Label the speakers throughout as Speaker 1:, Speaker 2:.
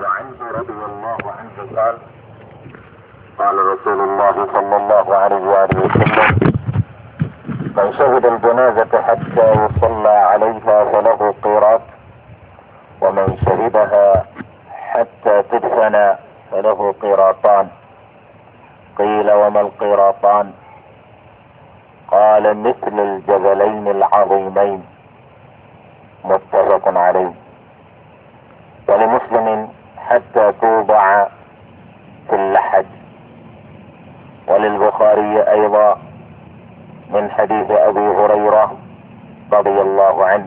Speaker 1: وعنه رضي الله عنه قال قال رسول الله صلى الله عليه وآله وسلم من شهد الجنازة حتى يصلى عليها فله قيراط ومن شهدها حتى تدفن فله قيراطان قيل وما القيراطان قال مثل الجبلين العظيمين متفق عليه ولمسلم حتى توضع في اللحد وللبخاري ايضا من حديث ابي هريره رضي الله عنه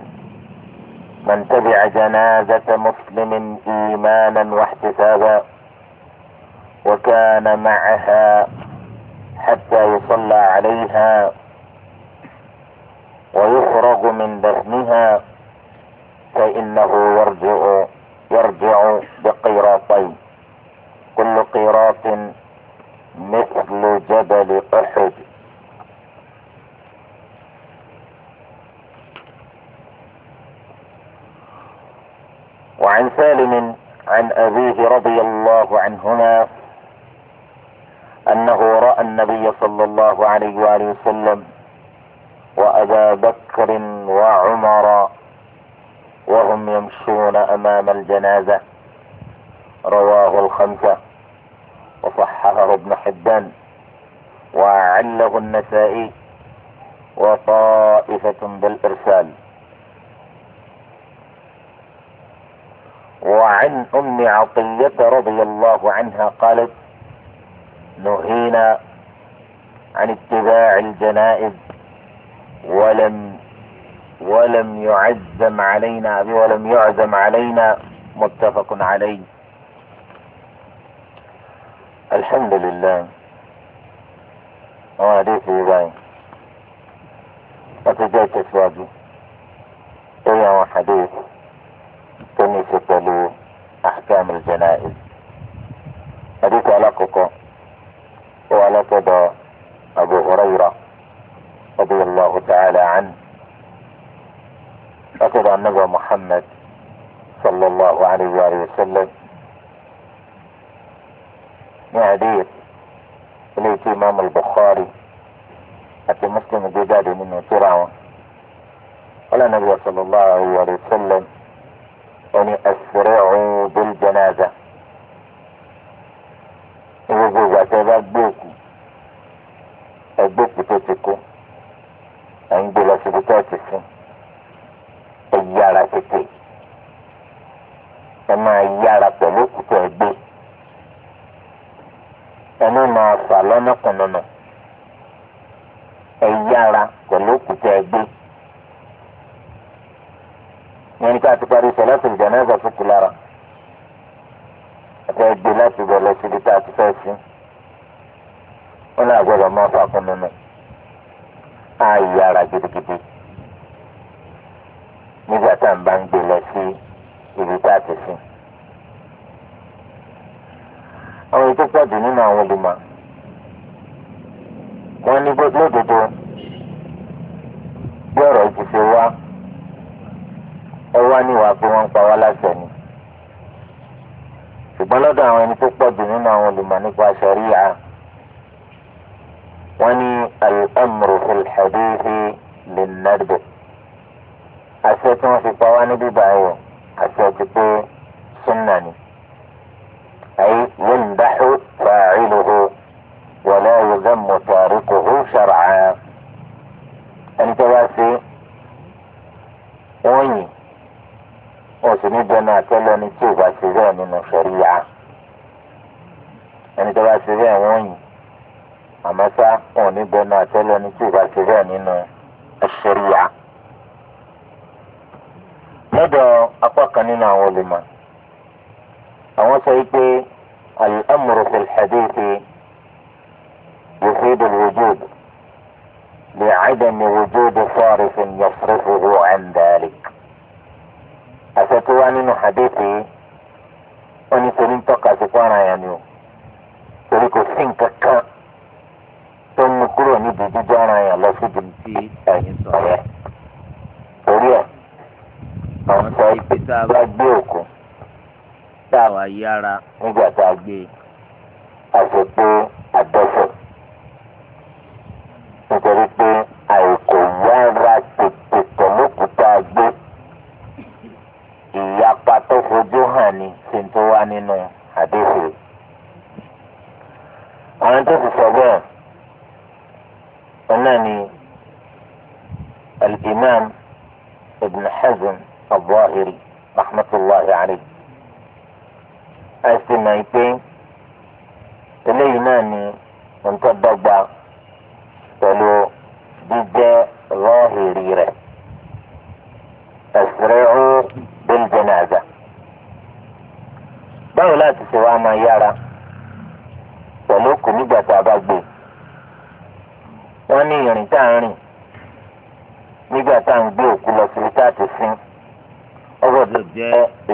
Speaker 1: من تبع جنازه مسلم ايمانا واحتسابا وكان معها حتى يصلى عليها ويخرج من دفنها فانه يرجع يرجع بقيراطين كل قيراط مثل جبل احد وعن سالم عن ابيه رضي الله عنهما انه راى النبي صلى الله عليه واله وسلم وابا بكر وعمر وهم يمشون امام الجنازة رواه الخمسة وصححه ابن حبان وعله النسائي وطائفة بالارسال وعن ام عطية رضي الله عنها قالت نهينا عن اتباع الجنائز ولم ولم يعزم علينا ولم يعزم علينا متفق عليه الحمد لله أنا ديك يباين أتجاي تسواجي أي حديث تني ستلو أحكام الجنائز أديك على كوكو وعلى كده أبو هريرة رضي الله تعالى عنه أتد عن نبوة محمد صلى الله عليه وآله وسلم نعدير إليك إمام البخاري حتى مسلم الجداد منه فرعون ولا نبي صلى الله عليه وسلم يعني أسرعوا بالجنازة وجوز أتبع بوكو البوكو تتكو mọ́kànlọ́nà. àṣẹ tí wọ́n fi pa wá níbí báyìí àṣẹ ti pé súnà ni. àyè yẹnbàṣọ fàáìlùhù wọlé ayélujára tàríkùhù ṣàràá ẹni tó bá ṣe wọ́n yìn wọ́n sì ní bẹnu àtẹ́lẹ̀ ẹni tí ò bá ṣe bẹ́ẹ̀ nínú ṣẹ̀ríyà ẹni tó bá ṣe bẹ́ẹ̀ wọ́n yìn àmọ́ sá wọn ò ní bẹnu àtẹ́lẹ̀ ẹni tí ò bá ṣe bẹ́ẹ̀ nínú ṣẹ̀ríyà. apá kan nínú àwọn olùmọ̀ àwọn sọ wípé al-amru fil hadithi yufidu al-wujud li'adami wujudi sarifin yasrifuhu an dhalik àṣẹ tó wá nínú hadithi. nígbà tá à ń gbé òkú lọ sí ibi tá a ti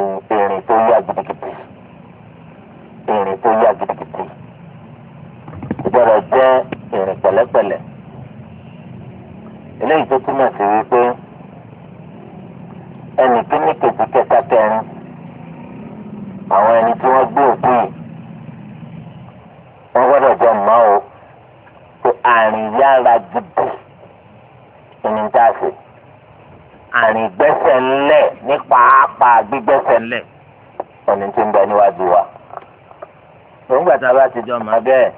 Speaker 1: jọ mọ́ bẹ́ẹ̀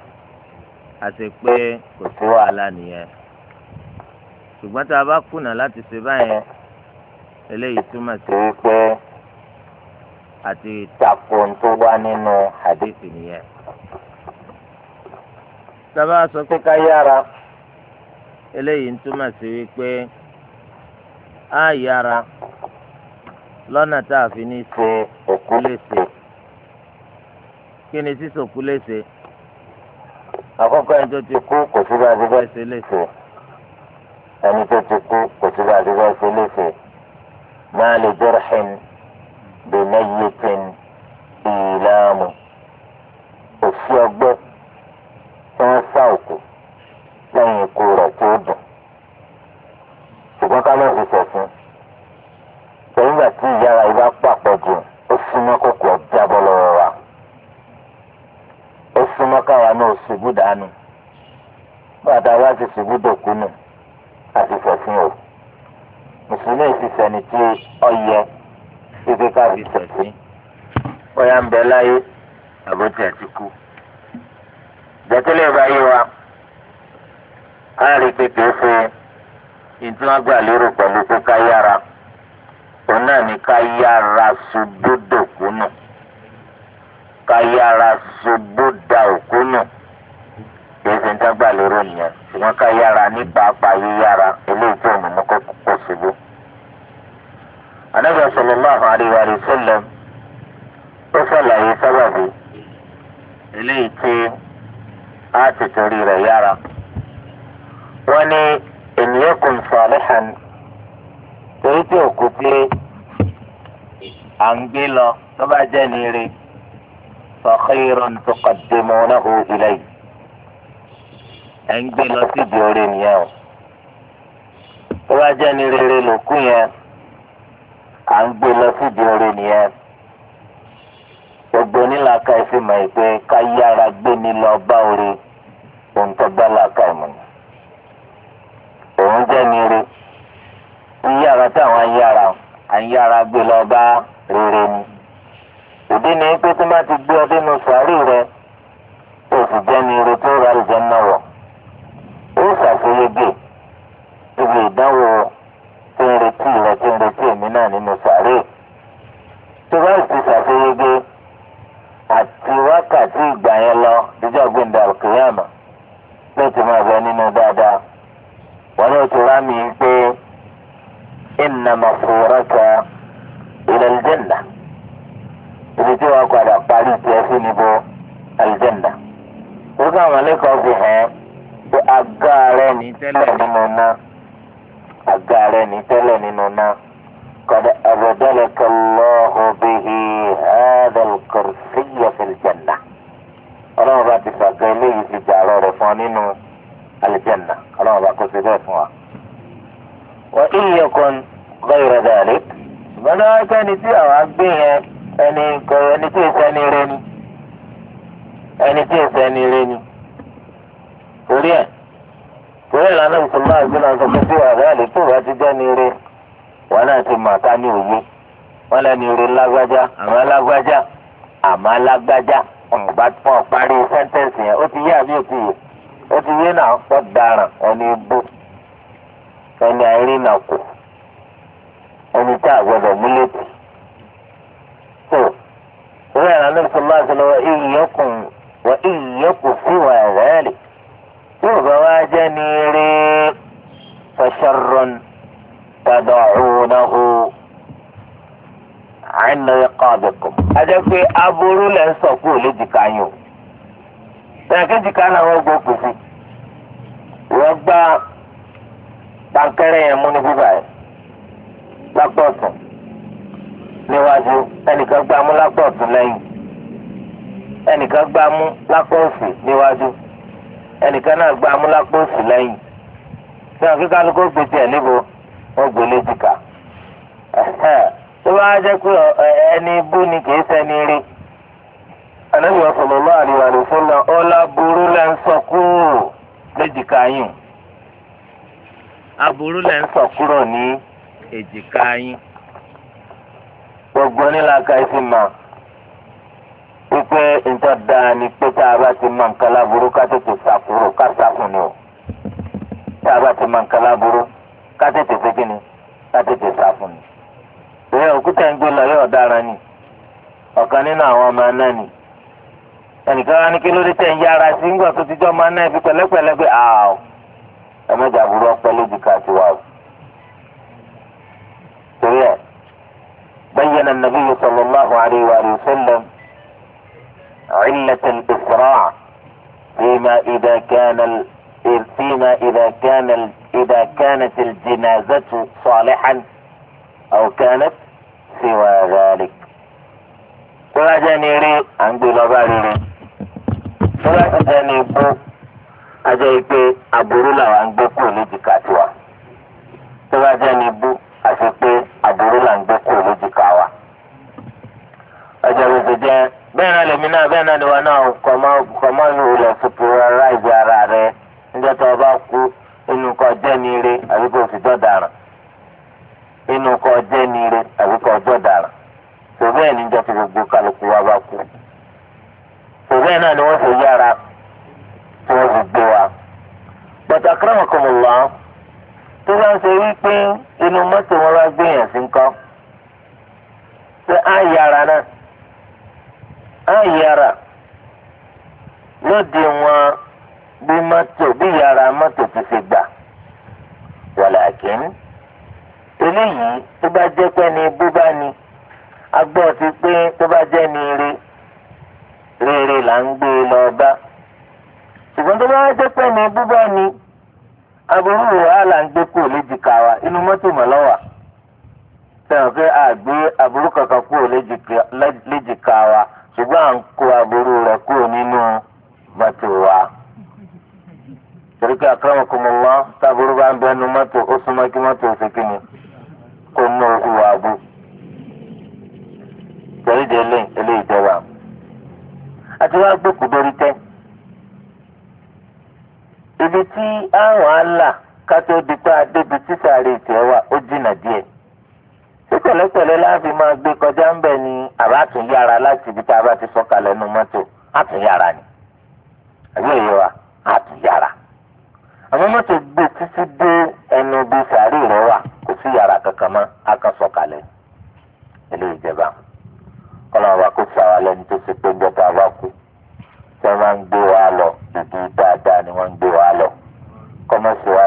Speaker 1: àti pé kò sí wàhálà nìyẹn ṣùgbọ́n tá a bá kùnà láti ṣe báyẹn eléyìí túmọ̀ sí pé àti tó nínú nìyẹn. sọ pé ká yára eléyìí túmọ̀ sí wípé á yára lọ́nà tá a fi ní ṣe kí ni sísòkú léṣe. àkọ́kọ́ ẹni tó ti kú kò sí bá a ti léṣe ẹni tó ti kú kò sí bá a ti léṣe máa lè jẹ́rìhìn bẹ́ẹ̀ náà yé tẹ́ni. á rí i pé kìí wọn gbà lérò òun náà ni ká yára ṣubú dòkúnù ká òkúnù
Speaker 2: kìí ṣe wọn gbà lérò
Speaker 1: nìyẹn ṣùgbọ́n ká ní pàápàá yíyára eléyìí tó òun mú kókó ṣubú. anábìyà sallallahu alaihi wa a ti torí rẹ̀ wọ́n ní ènìyàn kò ń sọ alẹ́ hàn torí tí òkú pé à ń gbé lọ tó bá jẹ́ ní rí sọ̀kìrò tó kọ̀dé mọ́ náà ó ilẹ̀ yìí ẹ̀ ń gbé lọ síbi orí nìyẹn o tó bá jẹ́ ní lòkú yẹn à ń gbé lọ síbi orí nìyẹn gbogbo nílàkà ẹ̀sìn mọ̀ ẹ́ pé ká gbé ni lọ bá orí ohun tó gbá làkà ni òun jẹ́ ni re yíyára táwọn yára àyára gbé lọ bá rere ni ìdí ni pé tí wọ́n ti gbé ọ nínú sàárì rẹ tó sì jẹ́ ni re tó ra ìjẹ́ náà wọ̀ ó ṣàṣeyege ibi ìdánwò tí ń retí rẹ tí ń retí èmi náà nínú sàárì tó bá sì ṣàṣeyege àti wákàtí ìgbà yẹn lọ dídá gbẹ̀ndà òkè yàmà. أن مصيرك إلى الجنة ìrètí wa padà parí tiẹ̀ sí níbo aljanna orúkọ àwọn ẹlẹ́kọ̀ọ́ fi hàn pé àga rẹ ní tẹ́lẹ̀ nínú ná àga rẹ ní tẹ́lẹ̀ nínú ná kọ́dà àbẹ̀dẹ́lẹ̀ kọlọ́hùn bíi hádàl kọ̀rọ̀síyà fìlìjẹ̀nà ọlọ́run bá ti fàgbẹ́ eléyìí ti jàrọ̀ rẹ̀ fún ọ nínú aljanna ọlọ́run bá kó sí bẹ́ẹ̀ fún wa. wọ́n ìyẹ̀kùn. غير ذلك gbọ́dọ̀ ẹni tí àwọn agbé yẹn ẹni kọ ẹni tí èsì ẹni rẹ ni ẹni tí èsì ẹni rẹ ni orí ẹ torí ìlànà ìṣòro àgbélà sọ pé tí wàá rẹ tó wàá ti jẹni rẹ wọn náà ti mà ká ní òye wọn lẹni rẹ lágbájá àmọ́ lágbájá àmọ́ lágbájá ọgbà pọ parí sẹńtẹǹsì yẹn ó ti yé àbí òkú yìí ó ti yé náà pọ daràn ẹni bó ẹni àìrí náà kù ẹni tá a gbọdọ̀ mú létí. tó ìwé ẹ̀rọ anábì sọlá àṣọlọ wa ìyẹ́kùn wa ìyẹ́kùn sí wa ẹ̀rẹ́ẹ̀lì tí òbá wa jẹ́ ní rí fẹsẹ̀rọ̀n tàdọ̀ ọ̀húnáhù àìnà ẹ̀kọ́ àbẹ̀kọ̀. pé aburú lẹ̀ ń sọ̀kú ò lè jìkà yín o. ẹ̀kẹ́ jìkà náà wọ́n gbọ́ kùsì. wọ́n gbá bankẹ́rẹ́ yẹn mú ní bíbá yẹn lápá ọ̀tún níwájú ẹnìkan gbá mú lápá ọ̀tún lẹ́yìn ẹnìkan gbá mú lápá òsì níwájú ẹnìkan náà gbá mú lápá òsì lẹ́yìn ní àwọn kíkálukú gbé tiẹ̀ níbo wọ́n gbé léjìká tó bá jẹ́ pé ẹni bú ni kìí ṣẹni rí ànábì sallallahu alaihi wa sallam ọlá burú lẹ́ ń sọ kúrò léjìká aburú lẹ́ ń ní èjìká yín. gbogbo nílàkà ẹ sì mọ̀ pípẹ́ nǹkan dáa ni pé tá a bá ti mọ nǹkan láburú ká tètè sàkúrò ká sàkùnì o tá a bá ti mọ nǹkan láburú ká tètè sékìní ká tètè sàkùnì. ìyẹn òkúta ń gbé lọ yóò dára ni ọ̀kan nínú àwọn ọmọ náà ni ẹnìkan wá ní kí ló dé tẹ̀ ń yára sí ńgbà tó ti jọ́ ọmọ náà fi pẹ̀lẹ́pẹ̀lẹ́ pé àá ẹ burú ọpẹ́ lójú ká ti wà o. بين النبي صلى الله عليه وآله وسلم علة الإسراع فيما إذا كان فيما إذا كان إذا كانت الجنازة صالحا أو كانت سوى ذلك. ولا جانيري عندي لغاريري ولا جانيبو أجايبي أبورولا وأنبوكو لجي كاتوا. ولا جانيبو أشيبي أبورولا وأنبوكو لجي rẹ bẹ́ẹ̀ náà lèmi náà bẹ́ẹ̀ náà ni wọn náà ara rẹ níjọ́ tó o bá kú inú kọ́ jẹ́ni rẹ àbí kò jọ́ dàrán inú kọ́ jẹ́ni àbí kò jọ́ dàrán tó gbogbo kálukú wa bá kú tó náà wọ́n ṣe yára tí fi gbé wa. bàtà kò ṣe inú mọ́tò á yára lóde wọn bí moto bí yàrá mọ́tò ti ṣe gbà wàlàkín eléyìí tó bá jẹ́ pé ní bó bá ní agbọ́ ti pé tó bá jẹ́ ní rí rere là ń gbé e lọ bá ṣùgbọ́n tó bá jẹ́ pé ní ní aburú ń gbé kúrò wa inú pé àgbé aburú kankan wa. ṣùgbọ́n à ń kó aburú rẹ̀ kúrò nínú mọ́tò wa. torí pé táburú bá ń bẹnu mọ́tò ó súnmọ́ kí mọ́tò ó fi kí ni kó ná ìwà abú. eléyìí ibi tí àwọn ká tó di ó tẹ́lẹ̀tẹ́lẹ̀ láti máa gbé kọjá ń bẹ̀ ni àbá tún yára láti ibi tá a bá ti sọ̀kalẹ̀ nu mọ́tò á yára ni àbí èyí wa á tún yára àwọn mọ́tò gbé títí dé ẹnu bí sàárì rẹ̀ wà kò sí yàrá kankan mọ́ á kàn sọ̀kalẹ̀ eléyìí jẹba kọ́nà wa kó sára lẹ́nu tó ṣe pé ń jẹ́ kú tí wọ́n máa ń gbé wa lọ dìdí dáadáa ni wọ́n ń gbé wa lọ kọ́mọ̀sí wa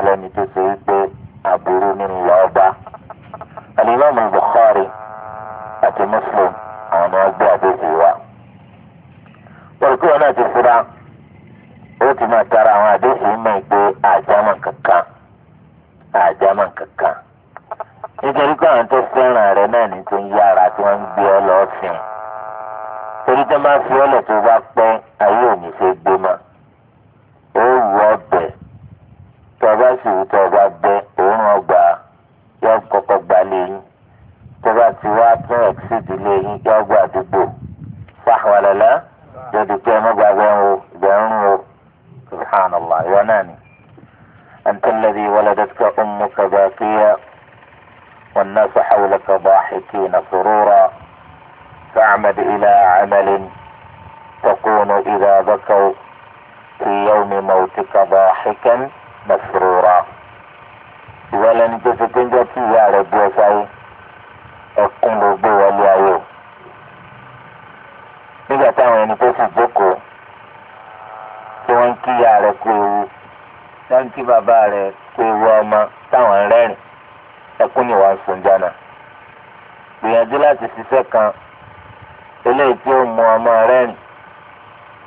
Speaker 1: eléyìí tí ó mú ọmọ rẹ̀ nì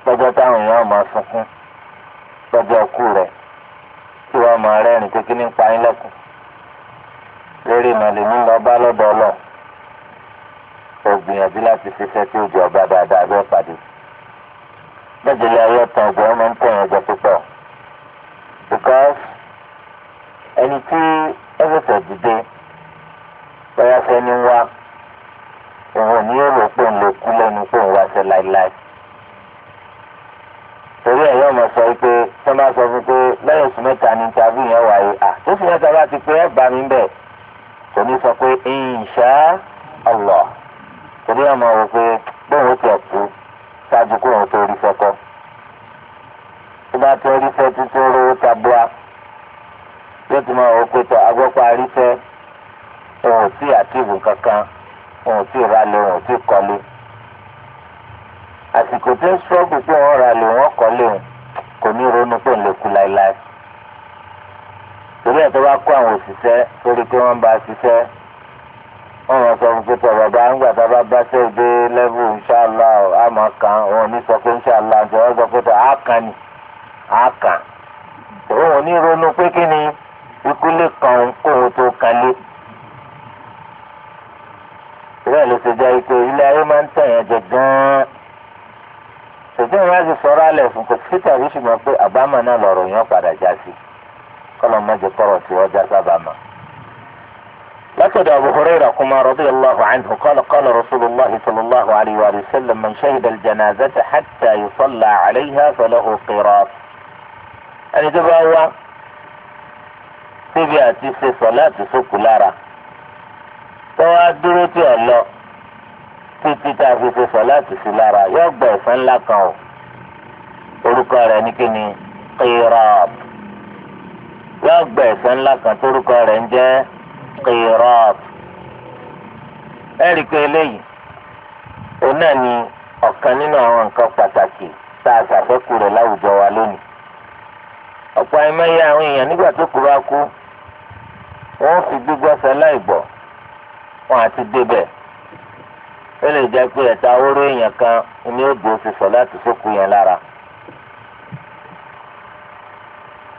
Speaker 1: lọ́jọ́ táwọn èèyàn máa sunkún lọ́jọ́ ọkú rẹ̀ tí wọ́n máa rẹ̀ nì kékeré ń pa yín lẹ́kùn lórí màlẹ́mí lọ bá lọ́dọ̀ ọlọ́ ò gbìyànjú láti ṣiṣẹ́ tí ó jẹ ọba dáadáa bẹ́ẹ̀ pàdé lọ́jọ́lẹ̀ ayé ọ̀tàn ọ̀gbọ́n máa ń tẹ̀yìn ọjọ́ púpọ̀ because ẹni tí ẹ fẹ̀fẹ̀ dìde bẹ́ẹ̀ fẹ́ ní wá òun ni yóò rò pé òun lè kú lẹ́nu pé òun wáṣẹ láéláé. torí ẹ̀ yóò mọ̀ sọ pé tó bá sọ fún pé lẹ́yìn oṣù mẹ́ta ni tàbí yẹn wáyé à oṣù mẹ́ta bá ti pé ẹ bá mi bẹ̀ kò ní sọ pé insha Allah torí ẹ̀ mọ̀ rò pé bóun ó tẹ̀ kú ṣáájú kóun tó rí fẹ́kọ́ tó bá tẹ rí fẹ́ títí ó rówó tabua yóò ti máa wọ pé agbọ́pọ̀ arífẹ́ òun ò sí àtìwù kankan. wọn ò tí ì wọn tí kọ́lé àsìkò tó ń sọ́ọ̀bù pé wọ́n ralé wọn kọ́lé wọn kò ní ronú pé ń láéláé torí ẹ̀ tó bá kó àwọn òṣìṣẹ́ torí pé wọ́n bá ṣiṣẹ́ wọ́n sọ fún bàbá ńgbà tá a bá bá ṣe dé àmọ́ kan ò ní sọ pé pé tọ̀ á kan ni ìrẹ́ ló ti jẹ́ ike ilé ayé máa ń tẹ̀yàn jẹ gan-an ṣùgbọ́n ìwọ́n ti sọ̀rọ̀ alẹ̀ fún kò sí tàbí ṣùgbọ́n pé àbámọ̀ náà lọ̀rọ̀ yẹn padà já sí kọ́lọ́ mọ́jẹ kọ́rọ̀ tí wọ́n já sábàámọ̀. لقد أبو هريرة كما رضي الله عنه قال قال رسول الله صلى الله عليه وآله وسلم من شهد الجنازة حتى يصلى عليها فله قراط أن يعني تبقى هو تبقى تسي صلاة سكلارة tọ́wọ́ dúró tí ẹ lọ títí tá a fi ṣe sọ láti sí lára yọọ gbọ́ ẹ̀san ńlá kan o orúkọ rẹ̀ ní kíni
Speaker 2: qirab
Speaker 1: Yọọ gbọ́ ẹ̀san ńlá kan tó orúkọ rẹ̀ ń jẹ́ qirab ẹ̀rí eléyìí o náà ni ọ̀kan nínú àwọn nǹkan pàtàkì tá a wa lónìí ọ̀pọ̀ ẹ̀mẹ́yẹ àwọn èèyàn nígbà tó kúrò á kú wọ́n fi gbígbọ́ wọn àti débẹ̀ ó lè jẹ́ pé ẹ̀ta oró èèyàn kan ní ògbó fi sọ láti sókun yẹn lára.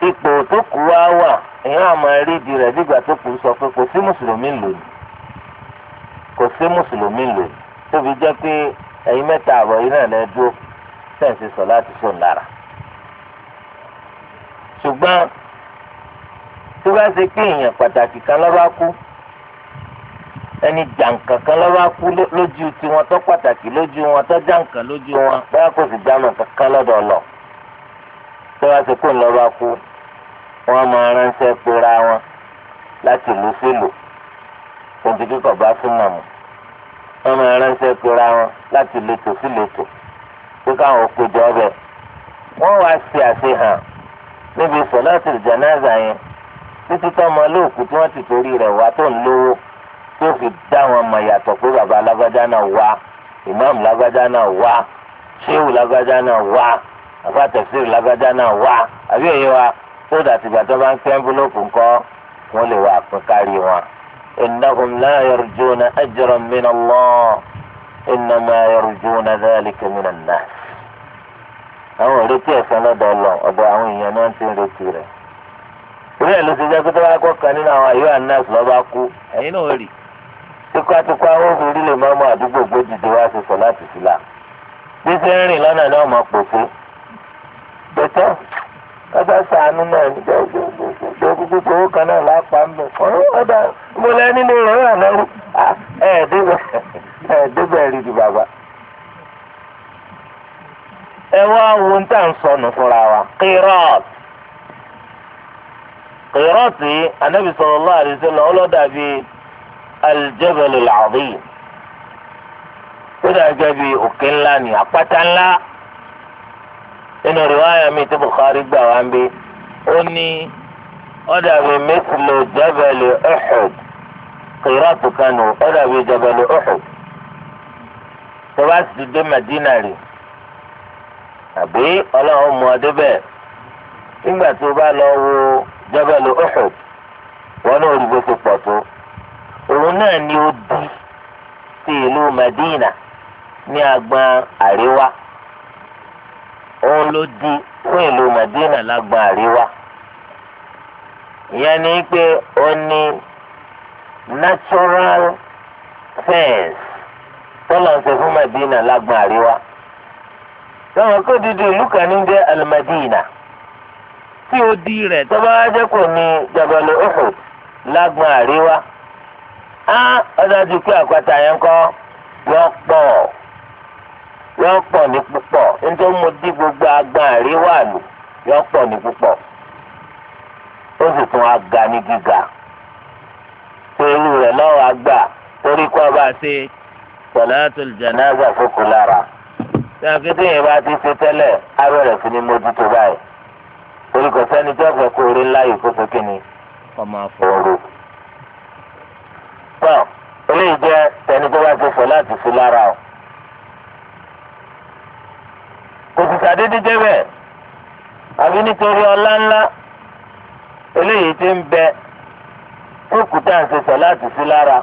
Speaker 1: ipò tó kù wá wà èèyàn àmọ́ rídìí rẹ̀ dìgbà tó kù sọ pé kò sí mùsùlùmí lónìí kò sí mùsùlùmí lónìí tó fi jẹ́ pé ẹ̀yin mẹ́ta àbọ̀ yìí náà lẹ́ dúró sẹ́ǹsì sọ láti sọ lára. ṣùgbọ́n tí wọ́n ṣe pé èèyàn pàtàkì kan lọ́ba kú ẹni jàǹkankan lọ́wọ́ kú lójú tiwọn tó pàtàkì lójú wọn tó jàǹkan lójú wọn báyà kò sì jámọ̀ kankan lọ́dọ̀ lọ. tó wá sí kó lọ́wọ́ kú wọ́n máa ránṣẹ́ pera wọn láti ìlú sílù ojú kíkọ̀ bá súnmọ̀ mu. wọ́n máa ránṣẹ́ pera wọn láti lẹ́tọ̀ sí lẹ́tọ̀ pé káwọn òkèjọ ọbẹ̀. wọ́n wá ṣe àṣehàn níbi sọ̀láṣì jánásà yẹn títí tọ́mọ olóòkú tí wọ́n ti torí rẹ̀ wá tó ń lówó tó fi dá wọn mọ̀ yàtọ̀ pé bàbá alágbájá náà wá ìmáàmù lágbájá náà wá ṣéwù lágbájá náà wá àbá tẹ̀síìrì lágbájá náà wá àbí èyí wa tó dàtí gbàtọ́ bá ń pẹ́ ẹ́ńbúlọ́pù ńkọ́ wọ́n lè wà pín kárí wọn. إنهم لا يرجون أجرا من الله إنما يرجون ذلك من الناس àwọn ìrètí ẹ̀san lọ́dọ̀ ọlọ ọ̀dọ̀ àwọn èèyàn náà ti ń retí rẹ̀. orí ẹ̀ ló ti jẹ́ pé tó bá kọ́ kan nínú àwọn àyè ànáàsì lọ́ba kú ẹ̀yin náà rí i tipátipá ó fi rí lè má mọ àdúgbò gbójúde wá ṣe sọ láti sílá gbígbé ń rìn lọ́nà náà mọ̀ pòfó bẹ́tẹ̀ kọ́tà sànú náà ní bẹ́ẹ̀ gbogbo owó kan náà lápá ń bẹ̀ ọ̀rọ̀ ọ̀dà mo lẹ́ nínú rẹ̀ rà lẹ́rú ẹ̀ẹ́dẹ́gbẹ̀ rí di bàbá. ẹ wá wo ń tà ń sọnù fúnra wa kírọ́ọ̀tì kírọ́ọ̀tì anábìsọ̀rọ̀ lọ́wọ́ àdìsẹ́ lọ́wọ́ lọ́dà bíi. الجبل العظيم kódà gẹ́gẹ́ bí òkè ńlá ni àpáta ńlá nínú rìwáyà mi tí Bukhari gbà wá ń bí ó ní ó dàbí mithlu jabal Uhud kìrọ́ọ̀tù kanu ó dàbí jabal Uhud tó bá sì dé Madina rè àbí ọlọ́run mú ọdún bẹ́ẹ̀ nígbà tó bá lọ wo jabal Uhud wọn náà rí bó ti pọ̀ tó. òun náà ni ó di ti ìlú Madina ní agbọn àríwá òun ló di fún ìlú Madina lágbọn àríwá ìyẹn ni pé ó ní natural fence tọ́lọ̀ ń ṣe fún Madina lágbọn àríwá táwọn kó dídì ìlú kan ní jẹ́ Al-Madina tí ó di rẹ̀ tọ́ba wá jẹ́ kò ní Jabal Uhud lágbọn àríwá. á ọ̀dájú pé àpáta yẹn kọ́ lọ́pọ̀ lọ́pọ̀ ní púpọ̀ nítorí mo dí gbogbo agbọn àríwá lò lọ́pọ̀ ní púpọ̀ ó sì tún aga ní gíga pẹ̀lú rẹ̀ lọ́wọ́ àgbà torí kọ́ bá ṣe salatul janaza kókó lára tí akéde yẹn bá ti ṣe tẹ́lẹ̀ abẹ́rẹ́ sí ni mójútó báyìí torí kò sẹ́ni tí wọ́n fẹ́ kó orí ńlá yìí kó sókè ni ọmọ àfọwọ́rọ́ náà eléyìí jẹ́ tẹni tó bá ti fò láti fi lára o. kò sì sàdédé jẹ́ bẹ́ẹ̀ àbí nítorí ọlá ńlá eléyìí ti ń bẹ tó kù tá à ń ṣe sọ láti sí lára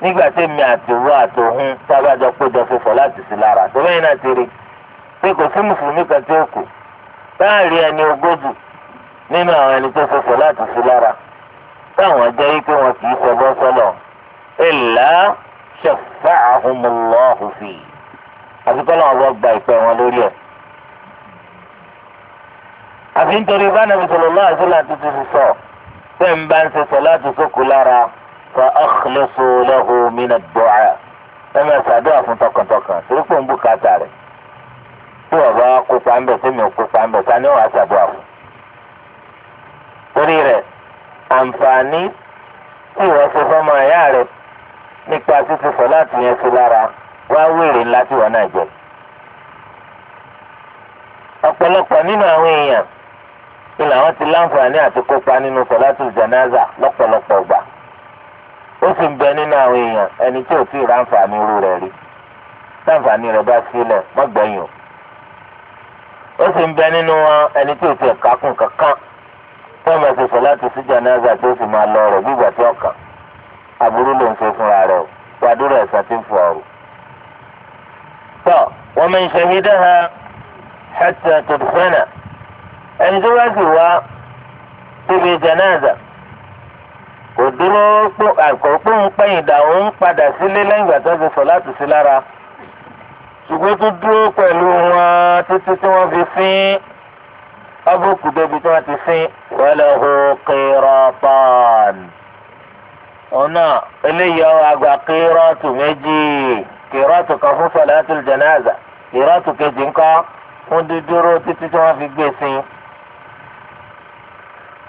Speaker 1: nígbà tí mi àtòwò àtòhún sábàjọ péjọ ṣe sọ láti sí lára tó lẹ́yìn náà ti rí pé kò sí mùsùlùmí kan tí ó kù táàrí ẹni ogójì nínú àwọn ẹni tó ṣe sọ láti sí lára táwọn jẹ́ wípé wọn kì í ṣẹbọ sọ́lọ̀ ìlà shafa'ahumullahu fi àfikọ́lọ́ wọn gba ìpẹ́ wọn lórí ẹ̀. àfi nítorí bánàbí sallallahu alaihi wasallam ti ti sọ pé ń bá ń ṣe sọ láti sókù lára fa akhlisu lahu min ad-du'a ẹ máa fún tọkàntọkàn torí pé ń bùkátà rẹ̀ tí wọ́n kópa ń bẹ̀ tí ò kópa ń bẹ̀ ta ni wọ́n á ṣàdúrà fún. torí rẹ̀ àǹfààní tí wọ́n ṣe fẹ́ máa yá rẹ̀ nípa títí sọ láti yẹn sí lára wá wèrè ńlá tí wọ́n náà jẹ. ọ̀pọ̀lọpọ̀ nínú àwọn èèyàn ni làwọn ti láǹfààní àti kópa nínú sọ̀látù janaza lọ́pọ̀lọpọ̀ gbà ó sì ń bẹ nínú àwọn èèyàn ẹni tí ò tí ì ráǹfààní irú rẹ̀ rí láǹfààní rẹ̀ bá sílẹ̀ mọ́gbẹ̀yìn o ó sì ń bẹ nínú ẹni tí ò tí ì kákùn kankan. tí wọ́n máa ṣe sọ láti sí jàǹdà tí ó sì máa lọ rẹ̀ bí ìgbà tí ọkàn aburú ló ń ṣe fúnra rẹ̀ wàdúrà ẹ̀sán ti ń fọ ọ̀rọ̀. tọ́ wọ́n máa ń ṣe ní dáhà hatta tòdùfẹ́nà ẹni tó wá sì wá síbi jàǹdà kò dúró àkókò ń pẹ́yìn dà ń padà sílé lẹ́yìn ìgbà tó ṣe sọ láti sí lára ṣùgbọ́n tó dúró pẹ̀lú wọn títí tí wọ́n fi fín ọbùkù débi tí wọ́n ti fín wọ́lẹ̀hu kírọ́tọ́n. ọ̀nà eléyìí ọ̀ àgbà kírọ́tù méjì kírọ́tù kan fún sọ̀láàtù jẹ̀náàzà kírọ́tù kejì ńkọ́ fún dídúró títí tí wọ́n fi gbé sí i.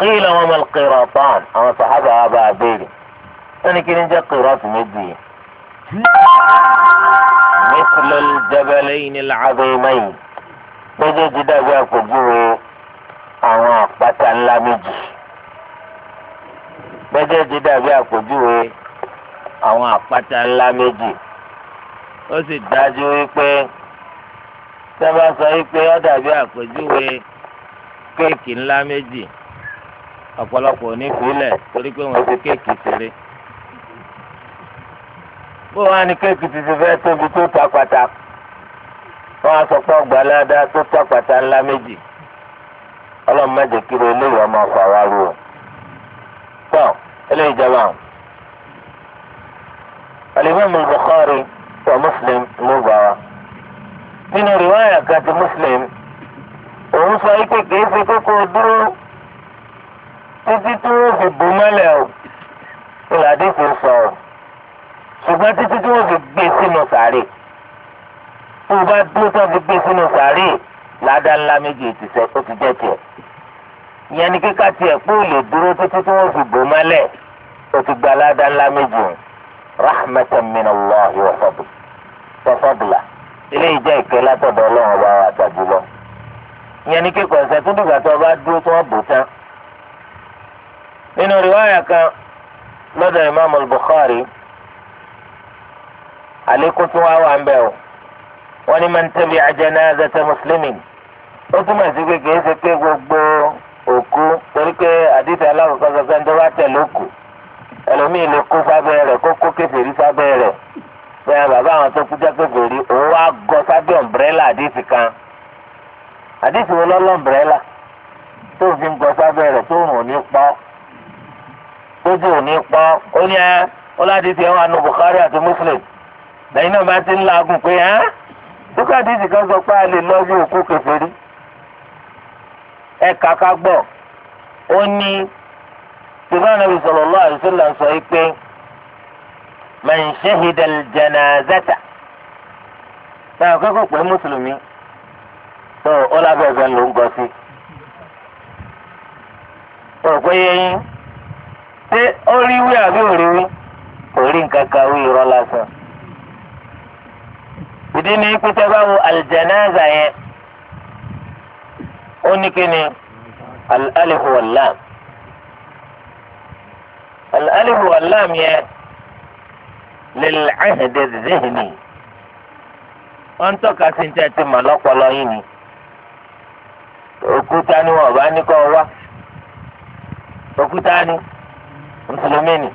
Speaker 1: قيل وما القراطان أما صحابة أبا عبيري أنا كنت قراط مدي مثل الجبلين العظيمين بجد دا جاكو جوه àwọn àpáta ńlá méjì méjèèjì dàbí àpèjúwe àwọn àpáta ńlá méjì ó sì dájú wípé sábà sọ wípé ó dàbí àpèjúwe kéèkì ńlá méjì ọ̀pọ̀lọpọ̀ ò ní fílẹ̀ torí pé wọ́n fi kéèkì ṣeré bó wá ní kéèkì ti ti fẹ́ tóbi tó ta pàtàkì wọ́n á sọ pé ọgbà ládàá tó ta pàtàkì ńlá méjì ọlọ́run má jẹ́ kí eléyìí ọmọ ọkọ̀ àwa rú o. tọ́ eléyìí jẹ́ wọn. alimami Bukhari wa Muslim ló gbà wá. nínú riwaya kan ti Muslim òun sọ ike kìí ṣe kókó dúró títí tí wọ́n fi bù mọ́lẹ̀ o ìlàdí fi sọ o ṣùgbọ́n títí tí wọ́n fi gbé sínú sàárè tó o bá dúró tó fi gbé sínú sàárè ládá ńlá méjì ti sẹ ó ti jẹ tiẹ̀ ìyẹn ni kíkà tiẹ̀ pé ó lè dúró títí tí wọ́n fi bò mọ́lẹ̀ ó ti gba ládá ńlá méjì o rahmatan min allah wa fadl tafadla eléyìí jẹ́ ìkẹ́ látọ̀dọ̀ Ọlọ́run ọba wa tàbí lọ ìyẹn ni kíkọ ẹsẹ tó dùgbà tó ọba dúró tó wọ́n bò tán nínú riwaya kan lọ́dọ̀ imaamu al-bukhari àlékún tó wá ń bẹ o. wọ́n ní man tabi'a janazata muslimin ó túmọ̀ sí pé kìí ṣe pé gbogbo òkú torí pé àdìsẹ́ aláwòkọ́ sọ pé ń dọ́wọ́ tẹ̀lé òkú ẹlòmíì lè kó sábẹ́ rẹ̀ kó kó kèfèrí sábẹ́ rẹ̀ bẹ́ẹ̀ bàbá àwọn tó kú òun wá kan àdìsí wo lọ́lọ́ ọ̀mbrẹ́là tó fi ń gọ sábẹ́ rẹ̀ tó rùn òní pọ́ tójú òní pọ́ ó ní ẹ́ ó Muslim lẹ́yìn náà bá ti ń pé Búkà dídì kan sọ pé a lè lọ bí òkú kèfèrí. Ẹ kàkà gbọ́, ó ní Ṣùgbọ́n Nàbì sallallahu alaihi wasallam sọ pé man shahida al-janazata. Báyọ̀ kẹ́kọ̀ọ́ pé Mùsùlùmí tó ó lábẹ́ ẹ̀fẹ́ ló ń gọ sí. Òpè yẹn ṣé ó rí wí àbí ò rí wí? Kò rí nǹkan kan wí irọ́ lásán ìdí ni pété báwo aljanaza yẹn ó ní kíni alihu wàlám alihu wàlám yẹn lil'ahdi zihni wọ́n ń tọ́ka sí ní tẹ́tí mọ̀ lọ́pọ̀lọ́ yìí ni òkúta ni wọn ò bá ní kọ́ wá òkúta ni mùsùlùmí ni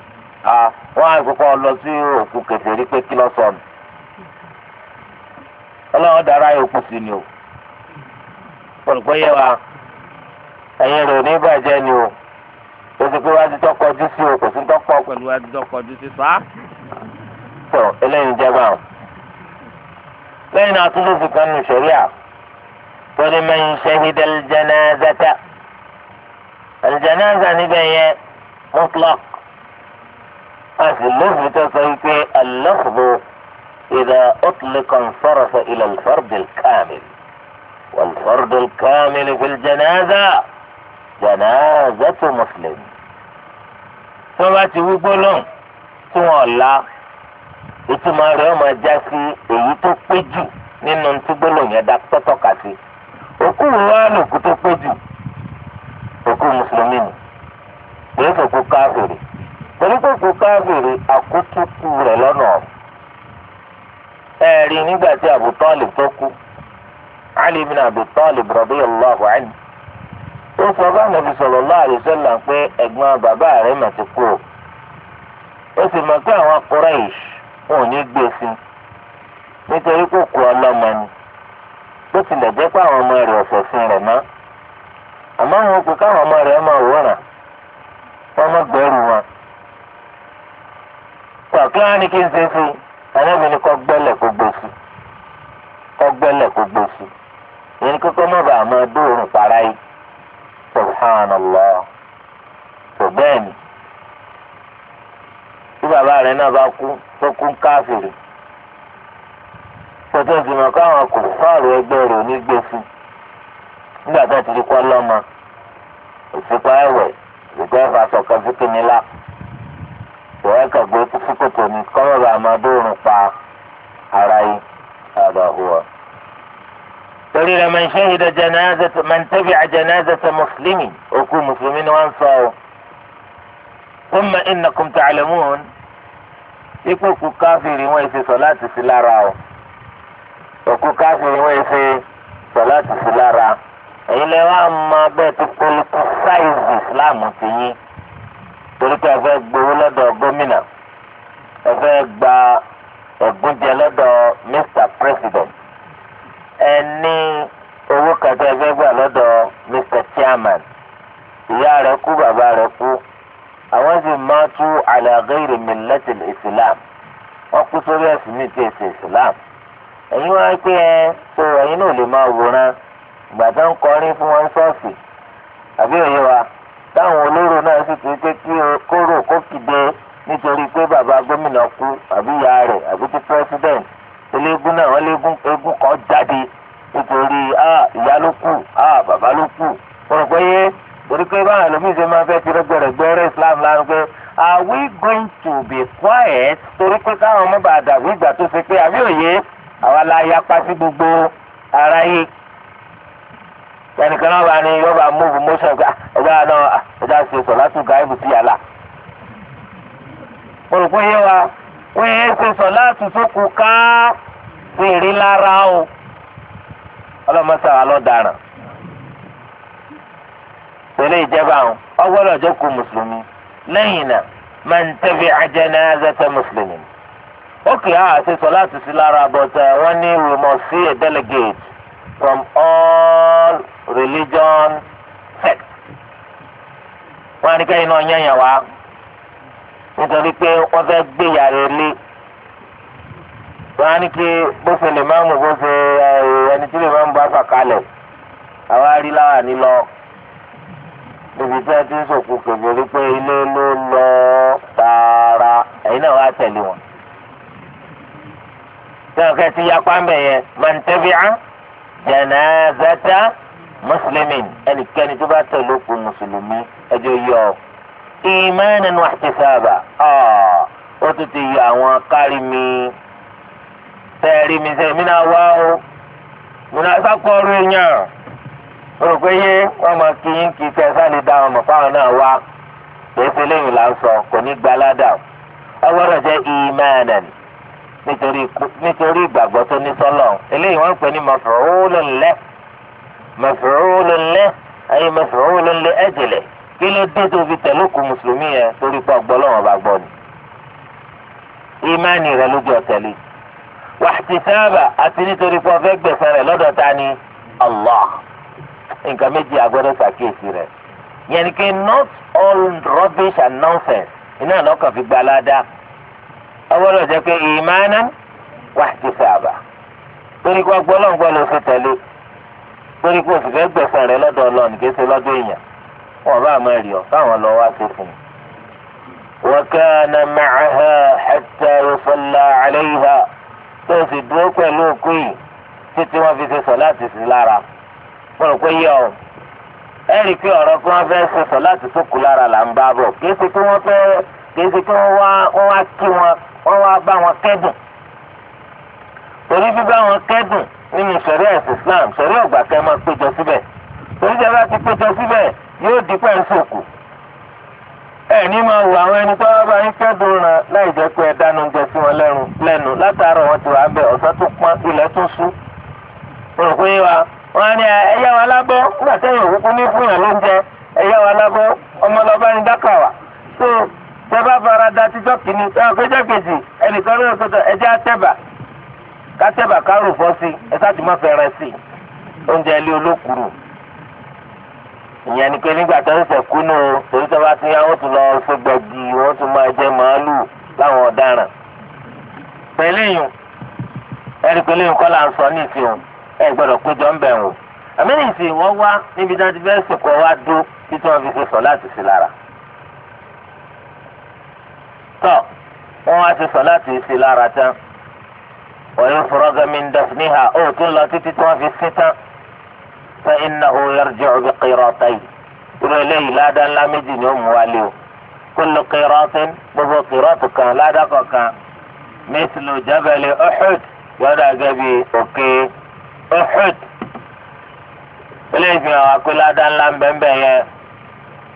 Speaker 1: àwọn àgùkọ lọ sí òkú kẹfẹ́ rí pé kí lọ́sọ̀nù ọlọ́run dára yóò kù sí ni o pọ̀lùpọ̀ yẹ wa ẹ̀yin rẹ̀ ní bàjẹ́ ni o o ti pé wá ti tọ́ kọjú sí o kò sí tọ́kọ pẹ̀lú wá ti tọ́ kọjú sí fa. sọ eléyìí jẹba o lẹ́yìn náà tún ló fi kan nù sẹ́ríà tó ní mẹ́yìn ṣẹ́hídẹ́ jẹ́nẹ́zẹ́tẹ́ àlìjẹ́nẹ́zà níbẹ̀ yẹn mutlak a sì lófin tó sọ wípé alọ́fọ̀ọ́. إذا أطلق انصرف إلى الفرد الكامل والفرد الكامل في الجنازة جنازة مسلم ثم تقولون ثم الله ìtumọ̀ rẹ̀ ọmọ ajá sí èyí tó pé jù nínú tí gbólóhùn yẹn dá tọ́tọ́ka sí òkú wa lòkú tó pé jù mùsùlùmí ni pé kòkó káfìrì pẹ̀lú kòkó káfìrì àkótókù rẹ̀ lọ́nà ọ̀hún. ẹ̀rí nígbà tí Abu Talib tó kú Ali bin Abi Talib radiyallahu anhu ó sọ bá nàbì sallallahu alaihi wasallam pé ẹ̀gbọ́n bàbá rẹ̀ mà ti kú o ó sì mọ̀ pé àwọn Quraysh wọn ò ní gbé e sí i nítorí kò kú ọlọ́mọ ni bó tilẹ̀ jẹ́ pé àwọn ọmọ rẹ̀ ọ̀sẹ̀ sí rẹ̀ mọ́ àmọ́ àwọn òkú káwọn ọmọ rẹ̀ máa wòrán ọ̀rẹ́ mi ni kọ́ gbẹ́lẹ̀ kó gbé sí kọ́ gbẹ́lẹ̀ kó gbé sí ìyẹn ni kókó má bàa máa dóorùn para yìí tó bẹ́ẹ̀ ni tí bàbá rẹ̀ náà bá kú tó kú káfìrì tó tó ti mọ̀ káwọn kò fáàrù ẹgbẹ́ rẹ̀ ní gbé sí nígbà tó ti di kọ́ wọ́n kàn gbé títí kòtò ní kọ́mọ̀bà àmọ́dóorùn pa ara yìí àbá hùwà. torí rẹ̀ man shahida janazata man tabi'a janazata mùsùlùmí òkú mùsùlùmí ni wọ́n sọ ọ́. thumma innakum ta'lamun ipò kú káfíìrì wọ́n ṣe sọ láti sí lára o òkú káfíìrì wọ́n ṣe sọ láti sí lára èyí lẹ́wọ́n á máa bẹ́ẹ̀ tó polúkú sáìzì Islam ti yín torí pé ẹ fẹ́ gbowó lọ́dọ̀ gómìnà ẹ fẹ́ gba ẹ̀gúnjẹ lọ́dọ̀ mr president ẹ ní owó kẹtẹ ẹ fẹ́ gbà lọ́dọ̀ mr chairman ìyá rẹ kú bàbá rẹ kú àwọn sì máa tú ala ghairi millati islam wọ́n kú sórí ẹ̀sìn mi ti ẹ̀sìn islam ẹ̀yin wá pé ẹ tó ẹ̀yin náà lè máa wòran ìgbà tó ń kọrin fún wọn sọ. kì í pé kí kóró kó kìde nítorí pé bàbá gómìnà kú àbí ìyá rẹ̀ àbí tí president eléégún náà wọ́n léégún eégún kan jáde nítorí ìyá ló kù bàbá ló kù wọ́n pẹ́ yé torí pé báwọn ẹlòmíín ṣe máa fẹ́ ti rẹ́gbẹ̀rẹ̀gbẹ̀rẹ̀ Islam lánàá pé are we going to be quiet torí pé káwọn ọmọ bàdàgbé غيرة مسلم okay ah ṣe sọ láti sí lára but uh, wọ́n ní we must see a delegate from all religion sects wọ́n á ní kẹ́yìn náà yẹ̀yàn wá nítorí pé wọ́n fẹ́ gbé yàrá ilé wọ́n á ní kí bó ṣe lè máa mú bó ṣe uh, ẹni tí lè máa mú bá fà kalẹ̀ àwọn aríláwà ní lọ níbi tí wọ́n ti ń sòkò kèbèrè pé ilé ló lọ tààrà
Speaker 2: ẹ̀yin náà wá tẹ̀lé
Speaker 1: wọn. sọ̀rọ̀ kẹ́sì yapa ń bẹ̀ yẹn mọ̀ntẹ́bíà jẹ̀nàzẹ́tà mùsùlùmí ẹnikẹ́ni tó bá tẹ̀lé òkú mùsùlùmí ẹjọ́ yọ ìmánìí wà ti sábà ó tún ti yọ àwọn kárí mi tẹ̀rí mi sẹ́yìn mí náà wá o mí náà sákòó rẹ̀ yàn mo rò pé yé wọ́n máa kí yín kí kẹ́ ẹ dáhùn mọ̀ fáwọn náà wá èsì lẹ́yìn là ń sọ kò ní gbaládà o awọ́rọ̀jẹ́ ìmánan nítorí ìgbàgbọ́ tó ní sọ́lọ̀ eléyìí wọ́n ń pè ní maf'ulun lih maf'ulun lih ayé maf'ulun li ajlihi kí ló dé tó fi tẹ̀lé òkú mùsùlùmí yẹn torí pé ọgbọ́n lọ́wọ́ bá gbọ́ ni ìmánì rẹ lójú ọ̀tẹ̀lẹ̀ wàhtísáàbà àti nítorí pé ọfẹ́ gbẹ̀sẹ̀ rẹ lọ́dọ̀ ta ni Allah nǹkan méjì agbọ́dọ̀ ṣàkíyèsí rẹ̀ yẹn ni pé not all rubbish and nonsense iná lọ́kàn fi gba ládàá ọgbọ́dọ̀ jẹ́ pé ìmáná wà ti sàbà torí kó gbọ́ lọ́n gbọ́ ló fi tẹ̀lé torí kó sì fẹ́ gbẹ̀sán rẹ lọ́dọ̀ ọlọ́ọ̀nì kí ṣe lọ́dọ̀ èèyàn wọn bá àmọ́ rí ọ káwọn lọ wá sí fún un. وكان معها حتى يصلى عليها tó sì dúró pẹ̀lú òkú yìí títí wọ́n fi ṣe sọ láti sí lára wọn ò pé yẹ ọ. ẹ rí i pé ọ̀rọ̀ kí wọ́n fẹ́ sọ̀sọ̀ láti sókù lára là ń bá bọ̀ kìí ṣe kí wọ́n fẹ́ kìí ṣe kí wọ́n wá kí wọn wọ́n wá bá wọn kẹ́dùn torí wọn kẹ́dùn nínú ẹ̀sìn Islam ọ̀gbà kẹ́ máa péjọ síbẹ̀ torí jẹ́ bá ti péjọ síbẹ̀ yóò di pẹ́ ń wọn ni ẹyá wa lábọ́ nígbà sẹ́yìn òkú ní fún yàn lóúnjẹ ẹyá wa lábọ́ ọmọlọ́ba ni dákà wà tó fara da tijọ́ kìíní ẹ̀rọ péjọ́ kejì ẹnìkan ló ń ẹjẹ́ àtẹ̀bà kárò sí sí oúnjẹ ilé olókùrù ìyẹn ni pé nígbà tó ń kúnú torí tó bá ti yá tún lọ tún máa jẹ ẹ gbọ́dọ̀ péjọ ń bẹ̀ wò àmínìsì wọ́n wá níbi dájú bẹ́ẹ̀ sìnkú wá dó títí wọ́n fi ṣe sọ láti sí lára tọ́ wọ́n wá ṣe sọ láti sí lára tán ọ̀yọ́ fúrọ́gàmí ń dẹ̀ níhà ó tún lọ títí tí wọ́n fi sí tán fẹ́ iná ó yẹrìjẹ́ òbí kírọ̀ táyì irú eléyìí ládàá ńlá méjì ni ó mú wálé o kúlù kírọ̀ tí gbogbo kírọ̀ tó kàn ládàá kọ̀ọ̀kan mẹ́sìlú jábẹ́lì ọ̀hún yọ̀ọ́dà gẹ́bí òkè. Uhud ilé ìfihàn akóládá ńlá ńbẹ́ńbẹ́ yẹn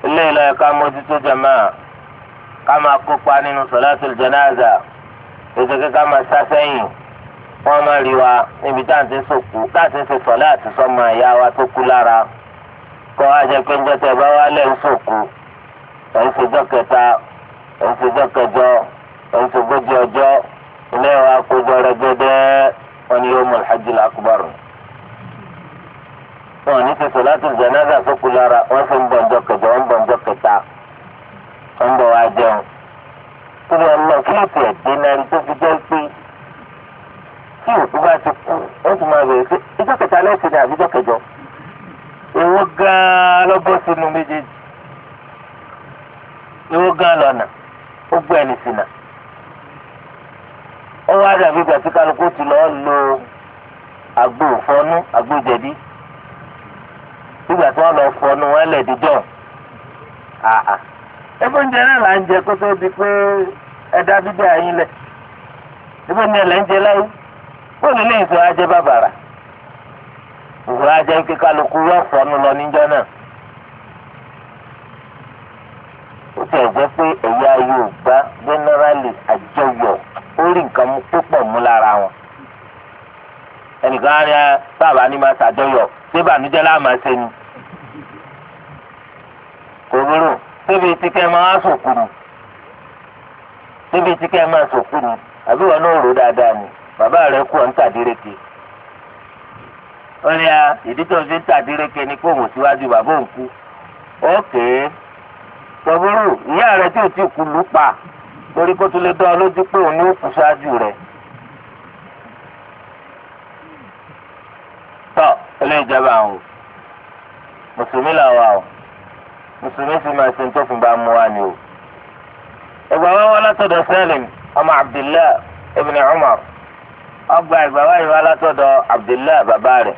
Speaker 1: ilé ìlọ ẹ̀ka mójútó jama ká máa kópa nínú sọ̀láṣẹ̀ jẹnáàzà ìṣèké ká máa sá sẹ́yìn wọ́n máa rí wa níbi tá à ń ti sòkú tá à ń ti ṣe sọ̀lá àti sọ́mọ ìyá wa tó kú lára kọ́ ajẹ́ pé ńjọ́ tẹ bá wá lẹ́yìn sòkú èyí ṣèjọ́ kẹta èyí ṣèjọ́ kẹjọ èyí ṣègbójì ọjọ́ ilé wa kójọ rẹ gẹ́gẹ́ wọn ni yóò mọ̀ alhajj akbar wọn ní ṣe sọláàtì jẹnáza sókù lára wọn fi ń bọ̀ ọjọ́ kẹjọ wọn ń bọ̀ ọjọ́ kẹta wọn ń bọ̀ wá jẹun torí ọlọ́ kí ètò ẹ̀dẹ́ náà rí tó fi jẹ́ pé tí òkú bá ti kú ó ti máa bẹ̀rẹ̀ pé ìjọ kẹta lẹ́sìn ní àbíjọ kẹjọ èwo gan-an lọ́gbọ́n sínú méjèèjì èwo gan-an lọ́nà ó gbọ́ ẹni sínà ó wá dàbí gbàtí kálukú ti lọ́ọ́ lo àgbo òfọ́nú àgbo jẹ̀dí. nígbà tí wọ́n lọ fọnú wọn lẹ̀ dídọ̀ ẹgbẹ́ oúnjẹ náà là ń jẹ kó tó di pé oúnjẹ là ń jẹ láyé bàbàrà kálukú ó pé ẹ̀yà Yorùbá generally àjọyọ̀ ó rí nǹkan tó pọ̀ mú lára wọn ẹnìkan á ní ah, bàbá ni máa ṣàjọyọ̀. pé bànújẹ́ láàmà ṣe ni kò burú síbi tí kẹ́ máa sòkù nù síbi tí kẹ́ máa sòkù nù àbí wọn náà rò dáadáa ni bàbá rẹ kú ọ̀ ń tàdíreke ó ní a ìdí tó fi ń tàdíreke ni kó wò síwájú bàbá òun kú ókè kò burú ìyá rẹ tí ò tí kú lù pa torí kó tó lè dán ọ lójú pé òun ní ó ṣáájú rẹ. ilé ìjọba àwọn o mùsùlùmí làwọn àwọn mùsùlùmí sì máa ṣe ń tófin bá mú wa ni o. ìgbà wa wá látọ̀dọ̀ Salim ọmọ Abdullahi ibn Umar ọgbà ìgbà wa yìí wá látọ̀dọ̀ Abdullahi bàbá rẹ̀.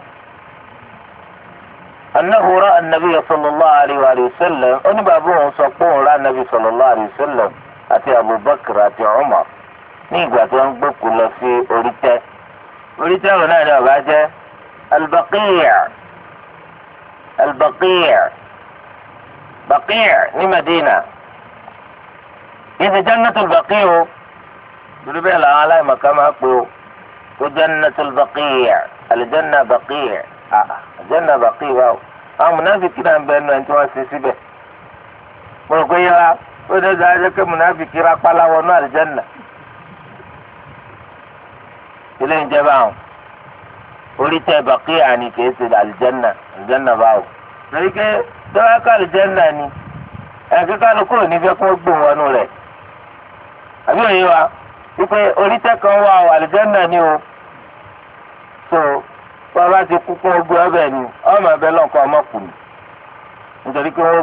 Speaker 1: أنه رأى النبي صلى الله عليه وآله وسلم أن بابوه سقوه رأى النبي صلى الله عليه وسلم أتي أبو بكر أتي عمر
Speaker 2: نيجا تنبك
Speaker 1: كل في أوريتا أوريتا هنا أبا جاء البقيع البقيع بقيع لمدينة إذا جنة البقيع بربع العالم كما أقول جنة البقيع الجنة بقيع آه، آه، الجنة بقيع أم نافك نام بأنه أنت واسسي به مرقيا وإذا ذلك منافك راق الله ونال الجنة جبعهم orite tẹ bàkíyà ni kìí ṣe àlìjẹ́nà àlìjẹ́nà báwò torí pé ni ẹ̀kẹ́ kálukú ò kó gbòòrò wọnú rẹ̀ àbí wa wípé kan wà ó ni o so bàbá ti kú kó gbé ọbẹ̀ ni ọmọ lọ